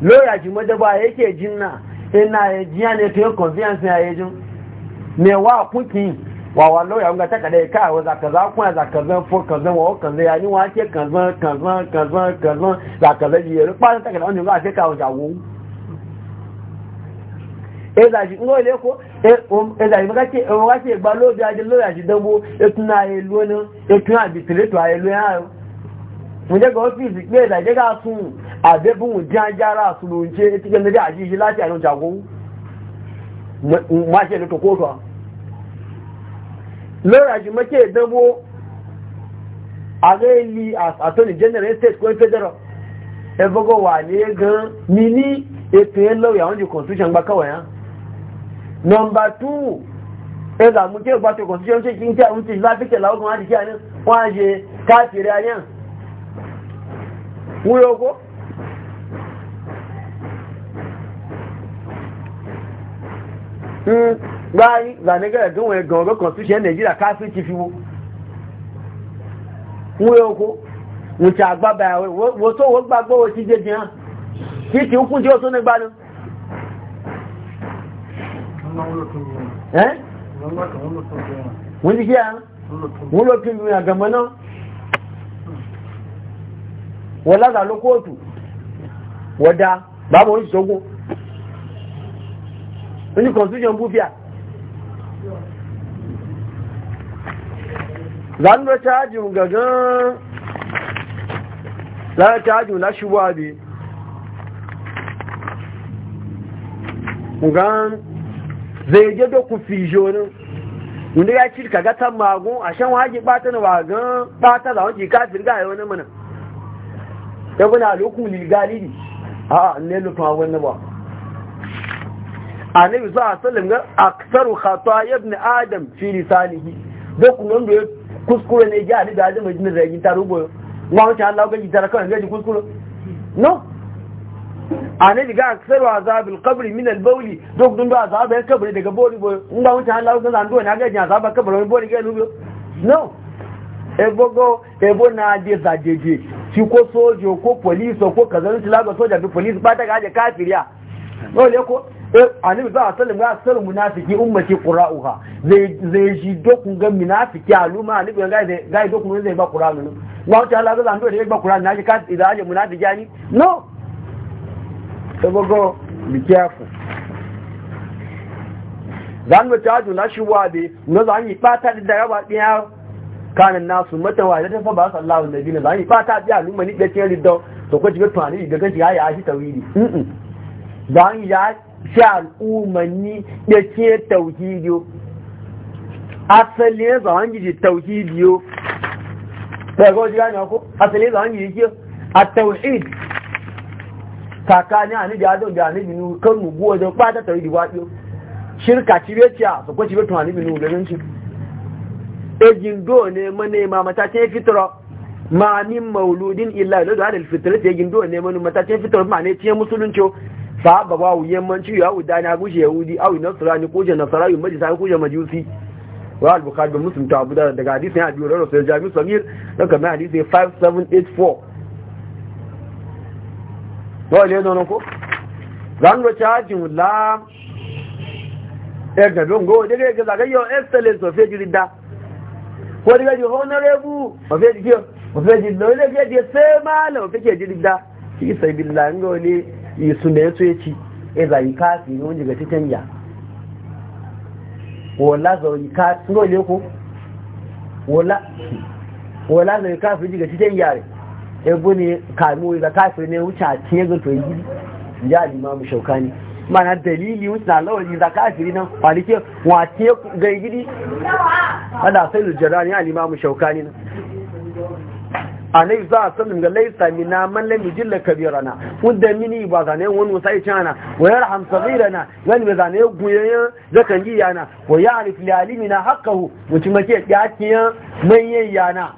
lóyà ṣe mọ́jọ́gbọ́ ayé kí èjì náà iná èjì yẹn ni tó yẹ convenience ní ayé jùn ni wà kún kì í wà wà lóyà ńgbà tákàdá ìka àwọn zàkàzá kún ẹ̀ zàkàzá za kàzá wọ́n kàzá yà ni wọ́n á ṣe kàzá kàzá kàzá kàzá zàkàzá yìí rẹ̀ pàṣẹ tákàdá wọn ni wọ́n á ṣe kàwọn jà E, e e ẹzàjì ń rọ̀ lẹ́kọ́ ẹzàjì mọ́kàtí ẹgbà lóòbí ajé lórí àjídánwó ẹtún àìlú ẹnu ẹtún àbìtìlẹ́tọ̀ àìlú ẹ̀hàn wọ́n jẹ́ gọ́ọ̀fíìsì pé ẹ̀dàjẹ́ ká tún àbẹ́bùn dín ajára àtúnlò ń ṣe tí kẹ́ lórí àjíṣe láti àrùn jàgbó wọ́n ṣe lótò kóòtò lórí àjímọ́kí ẹ̀dánwó ààrẹ ilé atoni general state kó federal ẹgbọ́gọ́ wa ní gan ní ní ètò ẹlọ́rẹ̀ àwọn jù constitution gbá kọ́wàá Number two, ẹgbà hmm, ti fi ti eh mun ji kiya mun lokacin duniya mana wala ga lokotu wada babu wani sogo wani constitution bufiya zan da cajin gagan zan da cajin na shubuwa bi gan zai je da ku fijo ne wanda ya ci ka tan magun a shan waje bata na wagan bata da waje ka dirga yau ne mana ya buna lokun ne a ne lokun wannan ba a sallallahu zuwa wasallam ga aktaru khata ibn adam fi lisanihi duk wanda ya kuskure ne ya ni da ajin majin da yin tarugo wa wancan Allah ga yi taraka ga kuskure no Ana annabi ga aksar wa azabil qabri min al bawli duk dun da azabin kabri daga bori boy in ba wuce Allah ga zan na ga jin azabin kabri bori ga nubi no ebogo ebo na je zajeje shi ko sojo ko polisi, ko kazan tilaga soja bi polisi, ba ta ga kafiri kafiriya no le ko e, annabi za a sallam ga sallam munafiki ummati qura'uha zai zai shi dokun ga munafiki aluma annabi ga ga dokun zai ba qur'anu ba wuce Allah ga zan do da ba qur'an na ji ka idan aje munafiki ani no sabogo be careful zan ga taju na shi wabe na zan yi fata da yawa biya kanin nasu mata wa da tafa ba sallahu nabi na zan yi fata biya lumma ni da cikin riddo to ko jiga tunani ga gaji ya ya shi tawili mm zan ya sha al'umanni da ke tauhidiyo asali ne zan yi tauhidiyo daga wajen ya ko asali zan yi ki at tauhid kakani anibi adam da anibi nu kan mu go da kwata tare da wadio shirka cibetiya su ko cibetu anibi nu ganin shi ejin do ne mane ma mata ce fitro ma min mauludin illa ladu ala alfitrat ejin do ne mane mata ce fitro ma ne ce musulunci sahaba ba wuyen manci ya wuda na gushe yahudi aw nasrani ko je nasara yu majisa ko je majusi wa al-bukhari muslim ta abu da daga hadisin abi hurairah sai jami'u samir daga hadisi 5784 wọ́n ilé nọ́nà kó zango cajin la ẹgbẹ̀rún eh, gbogbo dẹ́gẹ́ ẹgbẹ̀ zagayyọ excellence of ejiri da ko dẹ́gẹ́ di honorable of ejiri of ejiri da olè gẹ́ di ki of ejiri da kí sọ ibi lango ní ìsúnlẹ̀ ètò ẹ̀kì ẹzà ìkáàkì ní oúnjẹ títẹ́ yà wọ́n lázọ̀ ìkáàkì ní olè kó wọ́n lázọ̀ ìkáàkì ní oúnjẹ títẹ́ yà rẹ̀ ebe ne kamo da kafir ne wuce a cikin zato to yi ya limamu shaukani mana dalili wuce na lawali da kafiri nan walike wace ga gidi hada sai lujjara ne a limamu shaukani nan a nai za a sanin ga laisa mina man lam yujilla kabirana wanda mini ba zane wani wasai cana wa yarham sabirana wani ba zane guyayen zakan ji yana wa ya'rif li alimina haqqahu mutum ke yakiyan manyan yana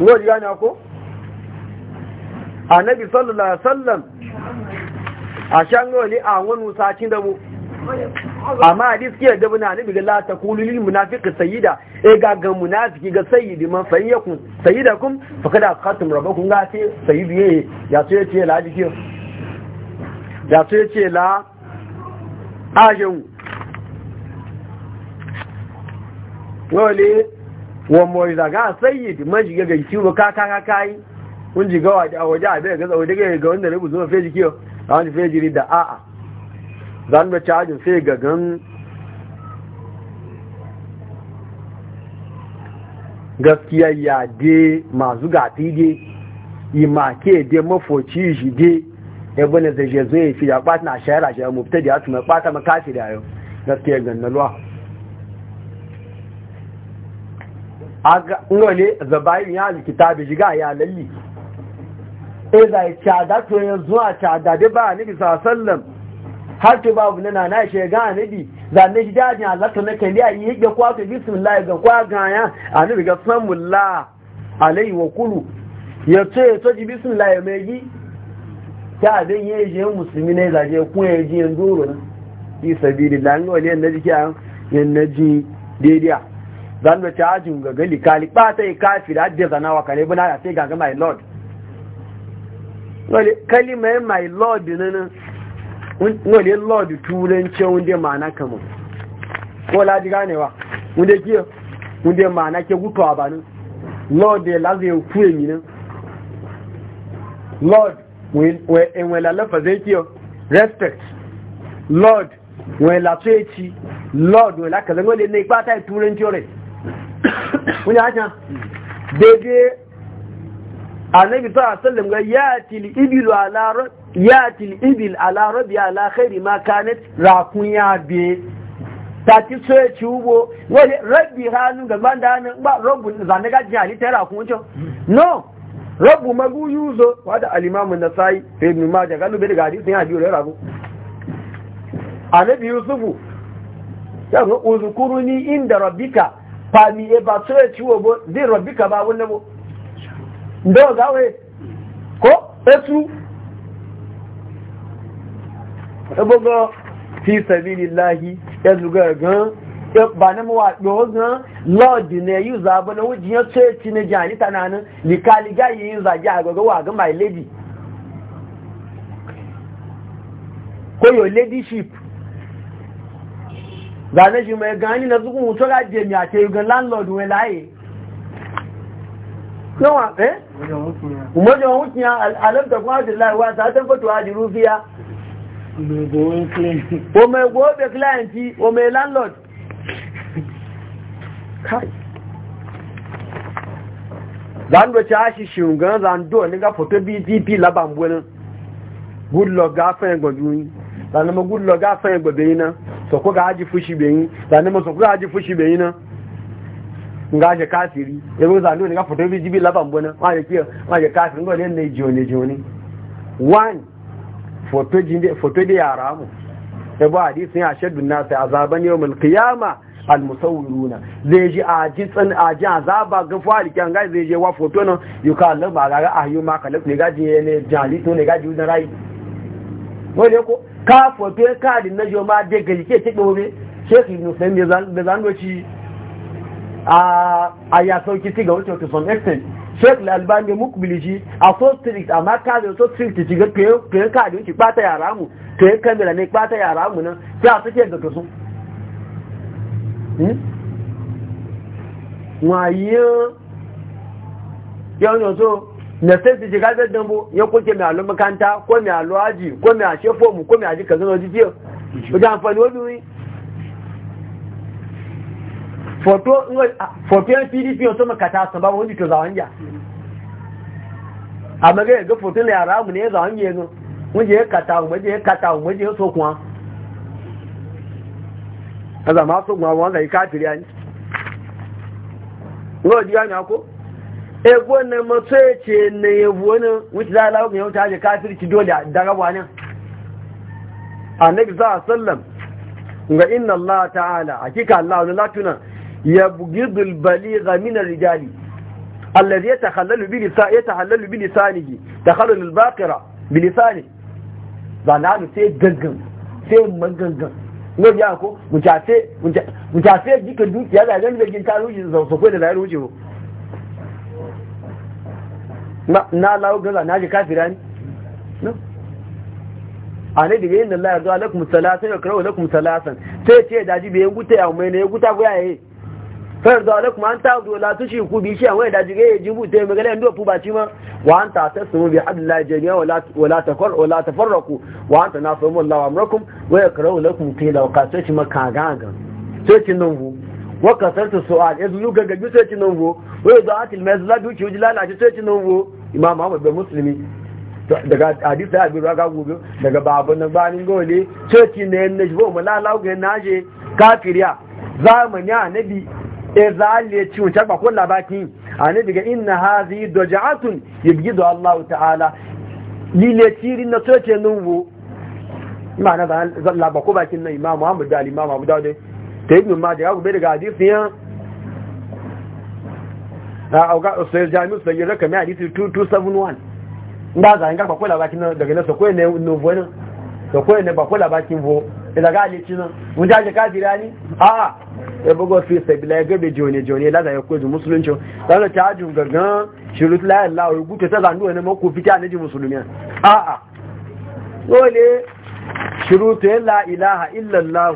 ngoji gane ko nabi sallallahu alaihi sallam a shan gole a wani musacin da mu amma a ke da bana nabi ga la taqulu munafiki munafiqi e ga ga munafiki ga sayyidi man fa kun sayyidakum fa da khatum rabbakum ga kun sayyidi ye ya ce ce la dike ya ce ce la ajin gole wa mai zaga sayyid man maji ga ba ka ka yi kun ji waje a waje a bai ga zawo daga ga wanda rubu buzo feji kiyo a wani feji ri da a'a zan da cajin sai ga gan gaskiya ya de masu gati de yi make de mafoci shi de ebe ne zai je zai fi ya kwata na shayar a shayar mubta da ya tuma kwata makafi da yau gaskiya gan na luwa ne ngole zabayin ya alkitabi shiga ya lalli e za ya e cada to ya zuwa cada da ba ni sa sallam har ba babu nana na she ga nabi za ne ji dadin alata na nake yi yi yake kwa to bismillah ga kwa ganya a annabi ga samullah alaihi wa kulu ya ce to ji bismillah ya yi ta dan ye yi musulmi ne za je ku ye je ndoro na bi wani ngole na ji kan na ji daidai zan da cajin ga gali kali ba ta yi kafi da ajiyar zanawa kare buna da sai gaga my lord kalimar my lord nan wale lord turanci wunde ma'ana kama ko laji ganewa wunde kiyo wunde ma'ana ke gutu a banin lord ya e lazo ya e kuye mi lord wela e lafa zai kiyo respect lord wela tsoye ci lord wela kazan wale na ipata turanci rai wani haka daidai annabi ta sallam ga yatil ibilu ala yatil ibil ala rabbi ala khairi ma kanat rakun ya be ta ti so ya ci ugo wani rabbi hannu ga banda hannun ba rabu zane ga jihali ta rakun wancan no rabu magu yuzo wadda alimamun na sai ibn majah galu bai daga hadisin ya biyu da rabu annabi yusufu ya ga uzkuruni inda rabbika fami e ba so ya ciwo bo zai rabbi ka ba wannan bo ndo ga we ko esu Abu e ebogo fi sabilillahi ya e zuga gan e ba na mawa ɗo gan lord ne yi zaɓa na wujin ya ce ci na jihani ta na nan likali ga yi zage a gaga wa ga my lady ko your ladyship zane shi mai gani na zukun wuto ga jemi a ce yugan landlord wai laye yawa eh umarja wa wukiya alamta kuma da laiwa ta ta a di rufiya o mai gobe clienti o mai landlord zando ci ashi shingan zando ni ga foto btp laban wani good luck ga fayin gwabi wani good luck ga fayin gwabi na so ko ga haji fushi bai yi zane masu ko ga haji fushi bai yi na nga je kafiri ya bi zane ne ga fito bi jibi laban bona ma je kiyo ma je kafiri ngo ne ne joni joni one foto jinde foto da yara mu ya ba hadisi ya shaddu nasa azaban yawmul qiyamah almusawiruna zai ji a ji tsan a ji azaba ga fari kan ga zai je wa foto nan yu ka Allah ba ga ayu ma kalaf ne gaji ne jali to ne gaji udan rai wole ko ka foto kadin na joma da galike ta ɗore shekhi musayin da zanwaci a ya sauki ti ga wuce to some extent shekhi albani da muku a so strict amma ka da so strict ci ga kayan kadin wuce ɓata yara mu kayan kamera ne ɓata yara mu nan ta suke ga kasu wayan yawon so? na sai su shiga zai dambo ya kuke mai alu makanta ko mai alu aji ko mai ashe fomu ko mai aji ka zama jikiyo wajen amfani wani wuri foto ah, yan pdp yau sama kata san babu wani to zawanja a magana ga foto na yara mu ne ya zawanje yanzu wajen ya kata wajen ya kata wajen ya sokuwa a zama sokuwa wanda ya kafiri ya ne. Ngo ji ego na mato ya ce na yabu wani wuce za a lagu mai wuta ya kafirci dole da rabuwa na annabi za a sallam ga inna Allah ta'ala a kika Allah wani latunan ya bugi bali ga minar rijali allazi ya takhallalu bi lisani ya takhallalu bi lisanihi takhallalu al-baqira bi lisani ba na mu sai gangan sai magangan ne ya ko mu ta sai mu ta sai dukiya da ganin da gin taruji zan so ko da lafiya ruji na lawo gaza na ji kafira ne a ne daga inda Allah ya zuwa lakum salasa ya karo lakum salasan sai ce da ji bai guta ya mai ne ya guta ko yaye yi da lakum an ta zuwa latu shi ku bi shi a wani daji ga ya ji buta ya magana ndo fu ba ci ma wa anta ta bi abdullahi jami'a wa la wa la farraku wa an ta na sumu Allah wa amrakum wa ya karawa lakum kila wa kasuwa shi ma kagaga sai ci nan bu wa kasarta su'al ya zulu gaggabi sai ci nan bu wa ya zuwa atil mai zula duki wuji sai ci nan bu imam ahmad bin muslimi daga hadisi ya biyu raga gobe daga babu na banin gole coci na yan najibo malala na naje kafiriya zamani annabi e zaliye ci wuce ba kun labaki annabi ga inna hazi dajatun do allah ta'ala lile tirin na coci nubu ma'ana zalla ba ko bakin na imam ahmad da al-imam abu dawud ta ibn ma ya gobe daga hadisi yan a ga sai jami'u sai raka mai hadisi 2271 Nda za ga kwakwala baki na daga na sokoye ne no bueno sokoye ne bakwala baki vo ila ga alici na mun da ka dirani a ya e bugo fi bila e ga be joni-joni. la da ya koyi musulunci dan ta ajun gangan shirut la Allah ya gute ta zandu ne mako fita ne ji musulmiya a a dole shirutu la ilaha illa Allah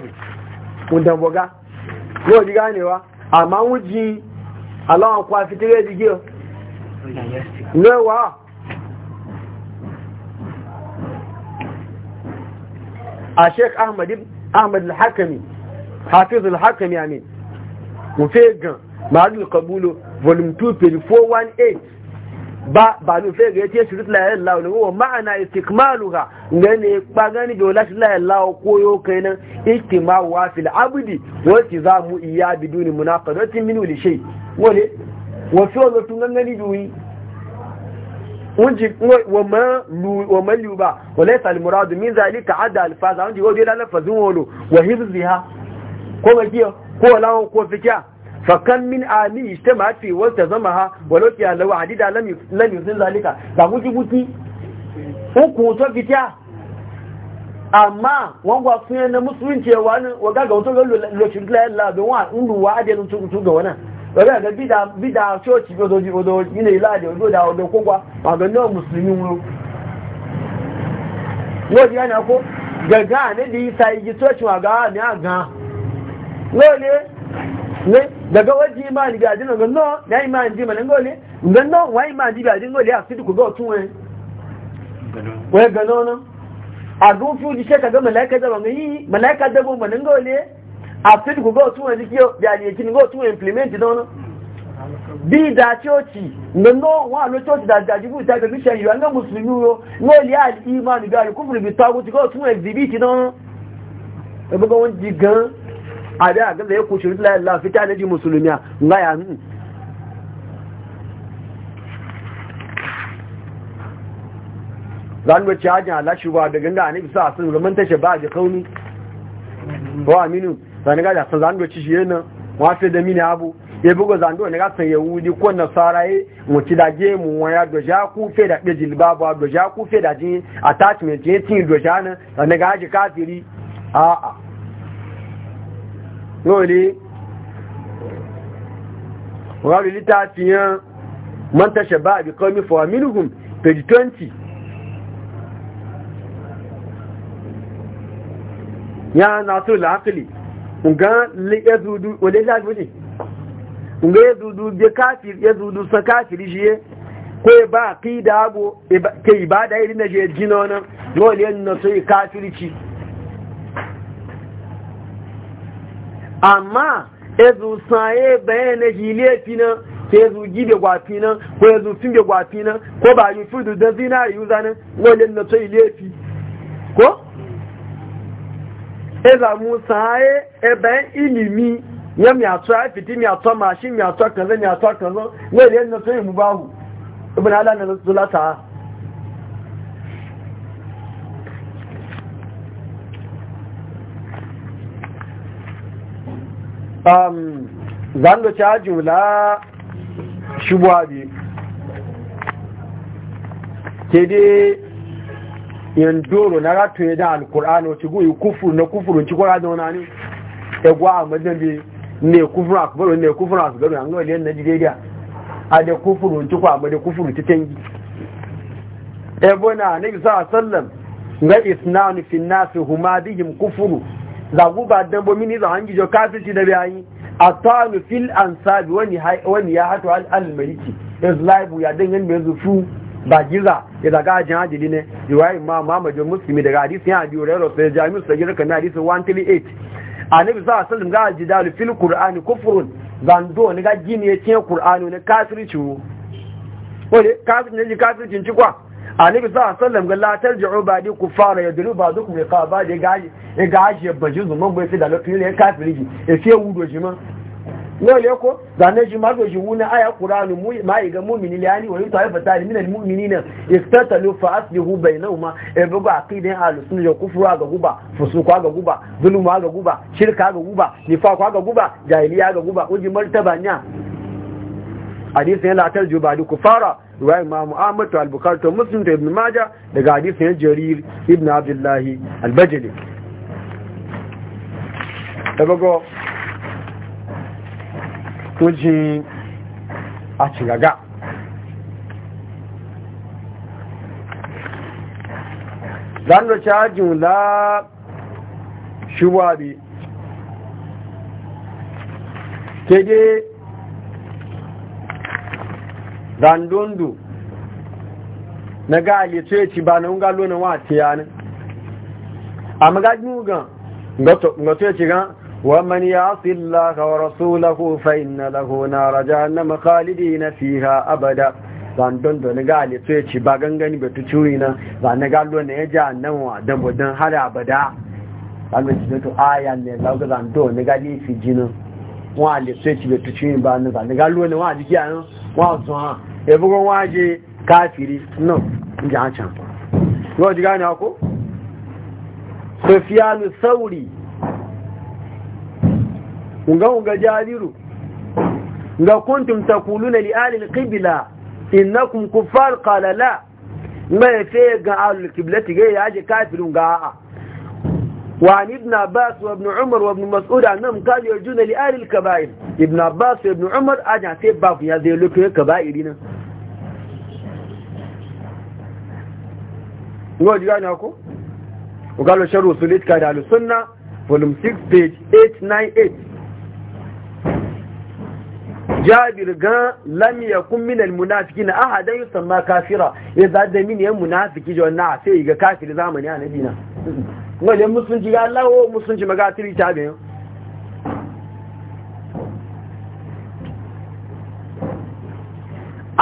kun da boga ko ji ganewa amma wujin aláwọn kọ àfitẹ́rẹ́ ìdíjẹ́ ọ lẹ́wàá a sheik ahmed al-hakami hafiz al-hakami amin wufe gan ma'adul kabulo volume 2 page 418 ba ba nu fe ga yace shurut la ilaha illallah wa ma'ana istikmaluha ngani ba gani do la ilaha illallah koyo kainan istimau wa fil abdi wa tizamu iya biduni munaqadati min wali shay wale wa fi wa tun ngani duwi unji wa ma lu wa ma lu ba wala sal murad min zalika ada al alfaz unji wa dila lafazun wolo wa hifziha ko ga kiyo ko lawo ko fikia fakan min ami ijtama fi wa tazamaha walau fi alaw adida lam lam zalika ga guji guji uku to fitiya amma wọn gwa fún ẹna musulunci ẹwà ní ọgága òtò lọ́ṣùn lẹ́yìn láàbẹ̀ wọn ìlúwà adẹ́nu tó kùtù gọ̀wọ́nà ọ̀rẹ́ ẹ̀gẹ́ bídá ṣọ́ọ̀ṣì odò ilẹ̀ ìlàdẹ̀ odò musulmi wọn ne daga waje imani bi ajin ga no na imani ji man ngole ga no wa imani bi ajin ngole asidi ku ga tun we we ga no a du fu di ga malaika da ban yi malaika da ban man ngole asidi ku ga tun we di kiyo bi ajin kin ga tun implement no no bi da chochi nno wa lo chochi da da jibu ta ga bi shen yo wani muslimi yo ngole al imani bi al kufri bi tagut ga wani exhibit no no e bugo wani ji gan abi a ga da ya kushi la la fita na ji musulmi nga ya nun zan wace hajji ala shi ba daga da anabi sa sun zaman tashi ba a da kauni wa aminu zan ga a san zan wace shi yana wafe da mini abu ya bugu zan do ne ga san yahudi ko nasara yi mu da je mu waya da ja ku fe da jilba ba da ja ku fe da jin attachment je cin do ja na zan ga kafiri a a lóòlé wọ́n lítà fi yán mọ́ntàṣẹ̀ bá àbíkọ́ mi fọ́ àmìlùgùn page 20 ya na so la'akili ga yazudu wale lafi ne ga yazudu bi kafir san sa kafiri shi ko ya e ba abu e ke ibada irin so kafirci amma ezu saye bayan na jiliya fina ko ezu gibe gwa fina ko ezu finge gwa fina ko ba yi fudu da zinari yuza nan wale na to ile fi ko eza mu saye e ilimi ya mi ato ya fiti mi ato mashi mi ato kanzo mi ato kanzo wale na to yi mu bahu ibn ala na zulata um zando caji la shubuwa bi ke dai doro na ratu ya da alkur'ani wace goyi kufuru na kufuru ci kwara da wani ne egwa a madan bi ne kufuru a kubaru ne kufuru a sugaru an gawaliyar na jidediya a da kufuru ci kwa da kufuru ci tangi ebo na nabi sallam ga isnanu fi nasi huma bihim kufuru zagu ba dan bo mini za hangi jo kafirci da bayi atanu fil ansabi wani wani ya hatu al almaliki is live ya dan yan mezu fu ba giza ya daga ajin ajili ne riwayi ma mamajo muslimi daga hadisi ya biyo rero sai jami'u sai sajira kan hadisi 138 annabi sa sallam ga aljidalu fil qur'ani kufrun zando ne ga gini ya ce qur'ani ne kafirci wo wale kafirci ne kafirci cin ci kwa annabi sallallahu alaihi wasallam ga latar ji'u di kufara ya duru ba duk mai da gaji ya gaji baji zuman bai fi da lokacin ne kafiri ji ya e ce wudo ji ma no le ko da ne ji ma do ji wuna aya qur'ani mu ma ga mu'mini li ani wa yuta ya fata min al mu'minina iftatalu fa aslihu bainahuma e bugu aqida al sunna kufra ga guba fusuku ga guba zulmu ga guba shirka ga guba nifaq ga guba jahiliya ga guba uji martaba nya hadisin yana atar juba da kufara ruwa imam ahmad to al-bukhari to muslim to ibn maja daga hadisin jarir ibn abdullahi al-bajali tabago kuji a cingaga zanu cajin la shuwa bi ke dai randondo na ga alito ya ci ba na nga lona wa ti yana a magajin ga, gato ya ci gan wa man yasi na wa rasulahu fa inna lahu nar jahannam khalidina fiha abada randondo na ga alito ya ci ba gangani batu ciwi na ba na ga lona ya jahannam wa dan bodan har abada ranar ci to aya ne lauga rando na ga lifi jinin wa alito ya ci batu ciwi ba na ga lona wa jiki a wọ́n tún hàn ẹ̀bùkún wọ́n á káàkiri náà ń jẹ́ àṣà lọ́wọ́ jígá ní ọkọ́ sofiyanu sauri ǹgan jariru ga kuntum takuluna li na qibla innakum kuffar qala la ma yafe ga alil qiblati ga yaje kafiri ga a'a وعن ابن عباس وابن عمر وابن مسعود أنهم كانوا يرجون لآل الكبائر ابن عباس وابن عمر أجع سيبا في هذه الكبائرين نوع جيراني أكو وقالوا شروع سليت كان على السنة فلم 6 page 898 jabir ga lam yakun min al munafiqina ahadan sama kafira ya za da min yan munafiki jo na sai ga kafir zamani annabi na Wajen musulunci ga Allah o musulunci maga tiri ta be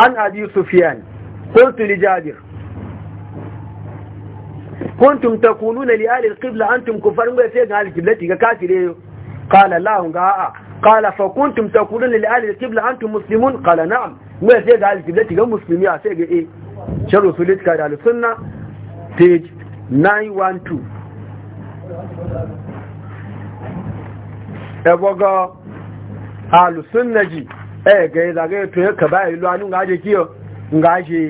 an abi sufiyan qultu li jabir kuntum takununa li ahli al qibla antum kufar ga sai ga al qiblati ga kafire qala la ga a'a قال فكنتم تقولون لأهل القبلة أنتم مسلمون قال a ما سيد أهل القبلة تقول مسلمي أسيق إيه شر سليتك على السنة page 912 ẹgbọ́gọ́ alùsùnnàjì ẹ̀ẹ̀gẹ̀ ìzàgẹ́ ètò ẹ̀kà báyìí lọ anú ngájẹ́ kí o ngájẹ́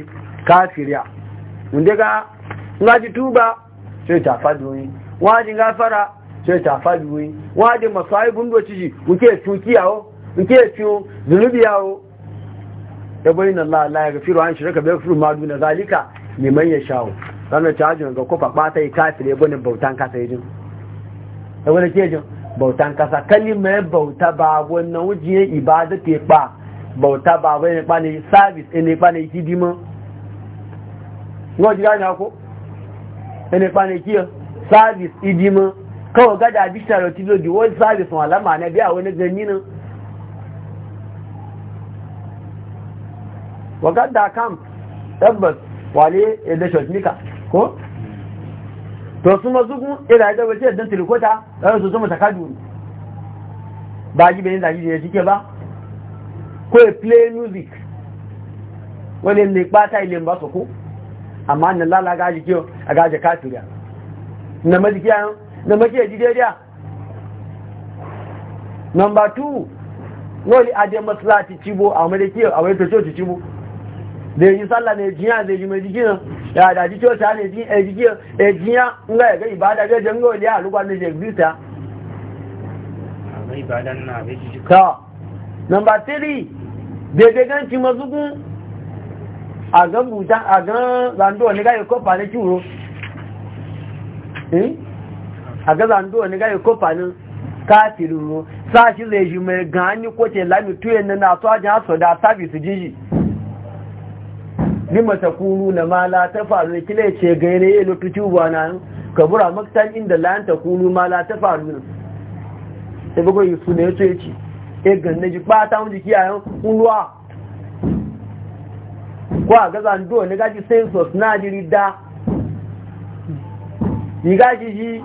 káàkiri à ǹdẹ́gá ngájẹ́ túbá ṣe ìtàfàdùn yìí wọ́n á jí ngáfára sai ta faɗi wuri wa da masu haifun doci ji muke tuki yawo Ya ciwo zunubi yawo ya bayin Allah Allah ya gafiru an shirka bai gafiru madu na zalika neman ya shawo ranar cajin ga kofa ɓata yi kafin ya gwanin bautan kasa ya jin ya gwada ke jin bautan kasa kalimar bauta ba wannan wujiyar ibada ke ba bauta ba wani ɓane sabis ne ɓane eh, hidima wajen gani ako eh, ne ɓane kiyar sabis hidima kawai gada bishina da tijo di wani sabis malama na biya wani ganinin wakar da kam tabbas wale ya da shotnika ko? to su mazugun ila ya dawace yadda tilikota ɗan su zama takadu ne ba ji bayan zaji da ya cike ba ko ya play music wani ne ɓata ilin ba su ko amma na lalaga a gaji katuriya na majikiya na make ji daidai number 2 wani ade masalati cibo a mai kiyo a wai cibo da yi sallah ne jiya da yi mai jikin ya da ji coci ne ji e nga e jiya ibada ga jango ne na bai ka number 3 daidai ganci mazugun a gan buta a gan zando ne ga yi kofa na kiwo eh a gaza zando wani gaya kofanin kafirin ro sa shi zai shi mai gani ko ce lami tuye na na so ajin haso da sabi su jiji ni mata kunu na mala ta faru kila ce gaire ya lokaci tuba na kabura maktan inda layan ta kunu mala ta faru ne ta bugu yi su da ya ce ci e ganna ji ba ta wuji kiyayen kunuwa ko a gaza zando wani gaji sensus na jirida yi gaji ji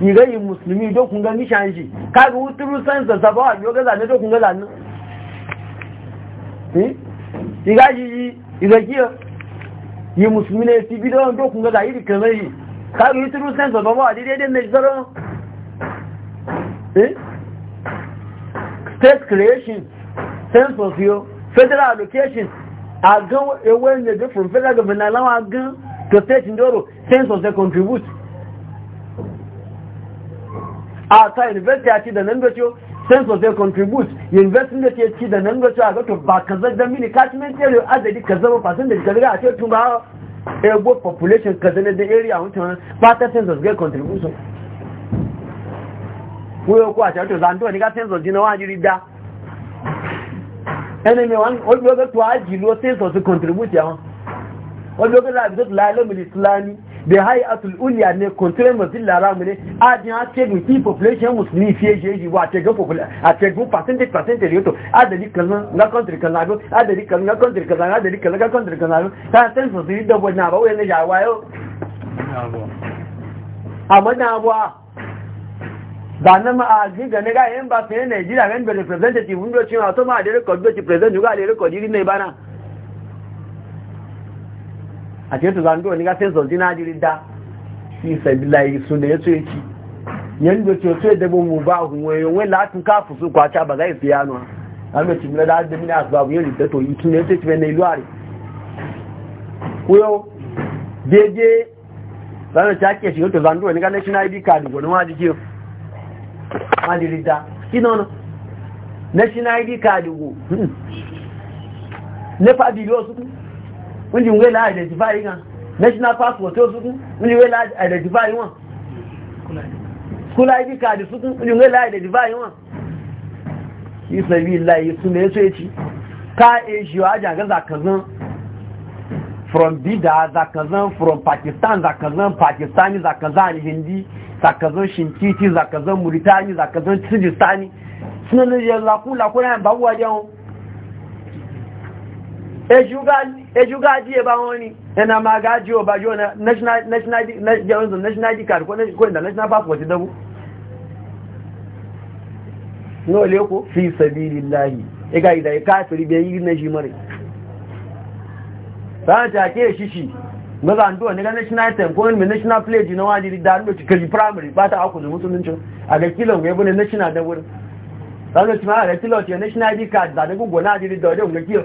irayin musulmi dokun ga nishan shi kaga wuturu sansa sabawa yau ga zane dokun ga zane igaji izakiya yi musulmi ne ti bidon dokun ga zahiri kamar yi kaga wuturu sansa sabawa daidai mai zaron state creation census yo federal allocation a gan ewe ne ga federal government na alawa gan to state ndoro census they contribute a ta university a ci da nan gaciyo senso zai contribute university da ke ci da nan gaciyo a gato ba ka zai don mini catchment area adadi ka zama fasin da ka zira a ce tun ba ego population ka zane da area wancan ba ta senso zai contribution wuyo ko a cewa zanto ni ka senso jina wa jiri da ẹni mi wọn ojú ọgọ́ tó a jìlọ senso su contribute yawon ojú ọgọ́ tó a jìlọ láìlọ́mìlì islami da hayi atul uliya ne kontrol mazil laramu ne a jin a ce gusi population musulmi fiye shi yi wa ce gun a ce gun percentage percentage yato adadi kazan na country kazan a adadi kazan na country kazan adadi kazan na country kazan abin ta san su su yi na ba wani jawa yau amma na abuwa ba na ma'azi ga na gaya yin ba sai nigeria ga yin representative windo cewa to ma a da record do ti president yuga a da record iri ne na. a ce to zanduwa ni ga sai zonji na jiri da fi sabilayi su da ya ce ci yan da ce ce da mu ba hu da cimla mina asbabu yari da to yitin ne ce ci kuyo deje zanu ta ke shi to zanduwa national id card go no ma kinono national id card go ne fa bi wọ́n jí wọ́n láà identify gan national passport tó súnkún wọ́n jí wọ́n láà identify wọn school id card súnkún wọ́n jí wé láà identify wọn ìsẹ̀bí ilẹ̀ ìsúnlẹ̀ èso èkì ká èṣù ajàgẹ́zà kanzan from from pakistan hindi zakazan shinkiti muritani zakazan sijistani suna babuwa ejuga ji e ba wani yana ma gaji wa bajo na national card ko inda national passport dabu no le ko fi sabilillahi e ga idan e kafiri be yi na shi mare ta ta ke shishi mazan duwa ne ga national team ko ne national pledge na wani da ando ci kaji primary ba ta aku da mutuncin a ga kilon ga ne national da wurin ta ne ci ma ga kilon ce national card da gugu na jiri da wajen ga kilo.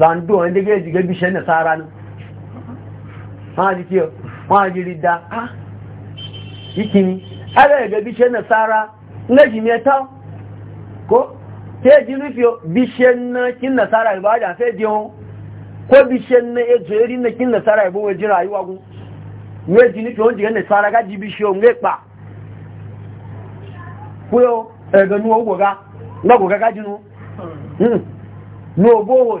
zando wanda ga jiga bishe nasara tsara nan ma ji kiyo ma ji ridda ah ikini ara ga bishe na na ji me ta ko te ji rufiyo bishe na kin nasara ya ibada sai ji ho ko bishe na e jeri na kin nasara ya ibo ji rayuwa gun ne ji ni to ji nasara tsara ga ji bishe o nge pa ko e ga nu o goga ngago ga ga ji nu hmm no bo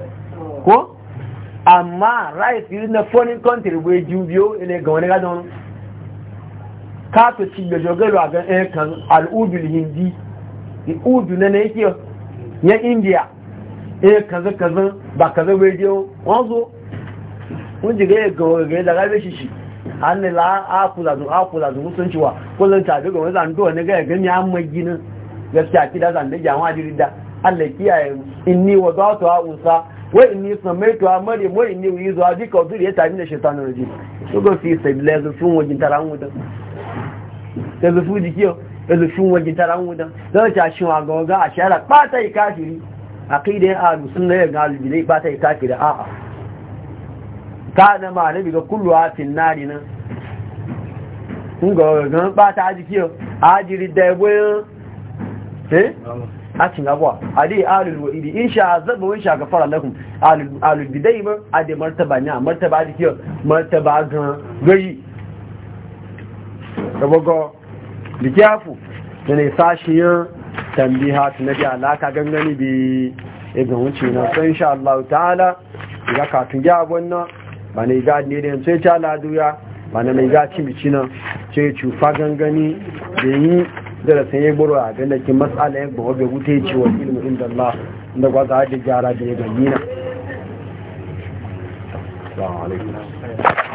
ko amma right yi na foreign country bai ji biyo ne ga wani gadon ka to ci da a gan ɗaya eh, kan al'udul hindi udu na na yake ya india ɗaya eh, kaza kaza ba kaza bai ji wanzo kun ji gaya ga wani da gabe shi shi an ne la akula zun akula zun sun ciwa kullum tabi ga wani zando wani gaya gani an mai ginin gaskiya kida zan da jama'a jirida Allah kiyaye inni wa za ta unsa wa inni samaitu a maryam wa inni uyizu a jika wasu da ya tafi da shaitanin rajim su ga fi sabila ya zufin wajen tara an wudan ya zufu jiki ya zufin wajen tara an wudan zan ta shi wa ga waga a shara ba ta yi kafiri a kai da ya alu sun na yaga alu ba ta yi kafiri a a ka na ma na biga kullu a fin nari nan kun ga waga ba ta jiki a da ya boyan eh a cin abuwa a dai alul wa'idi in sha zaba wani sha gafara lakum alul bidai ma a dai martaba ne a martaba da ke martaba gan gari sabogo da kyafu da ne sashiyar tambiha ta na biya alaka gangani bi ibn wuce na sun sha Allah ta'ala ga katun ya gwanna, ba ne ga ne da sai ta laduya ba na mai ga cimici nan sai cufa gangani da yi darasin ya gburu a gandakin matsala ya gbawa bai wuce cewa ilmi inda Allah da za a gyara da ya gani na.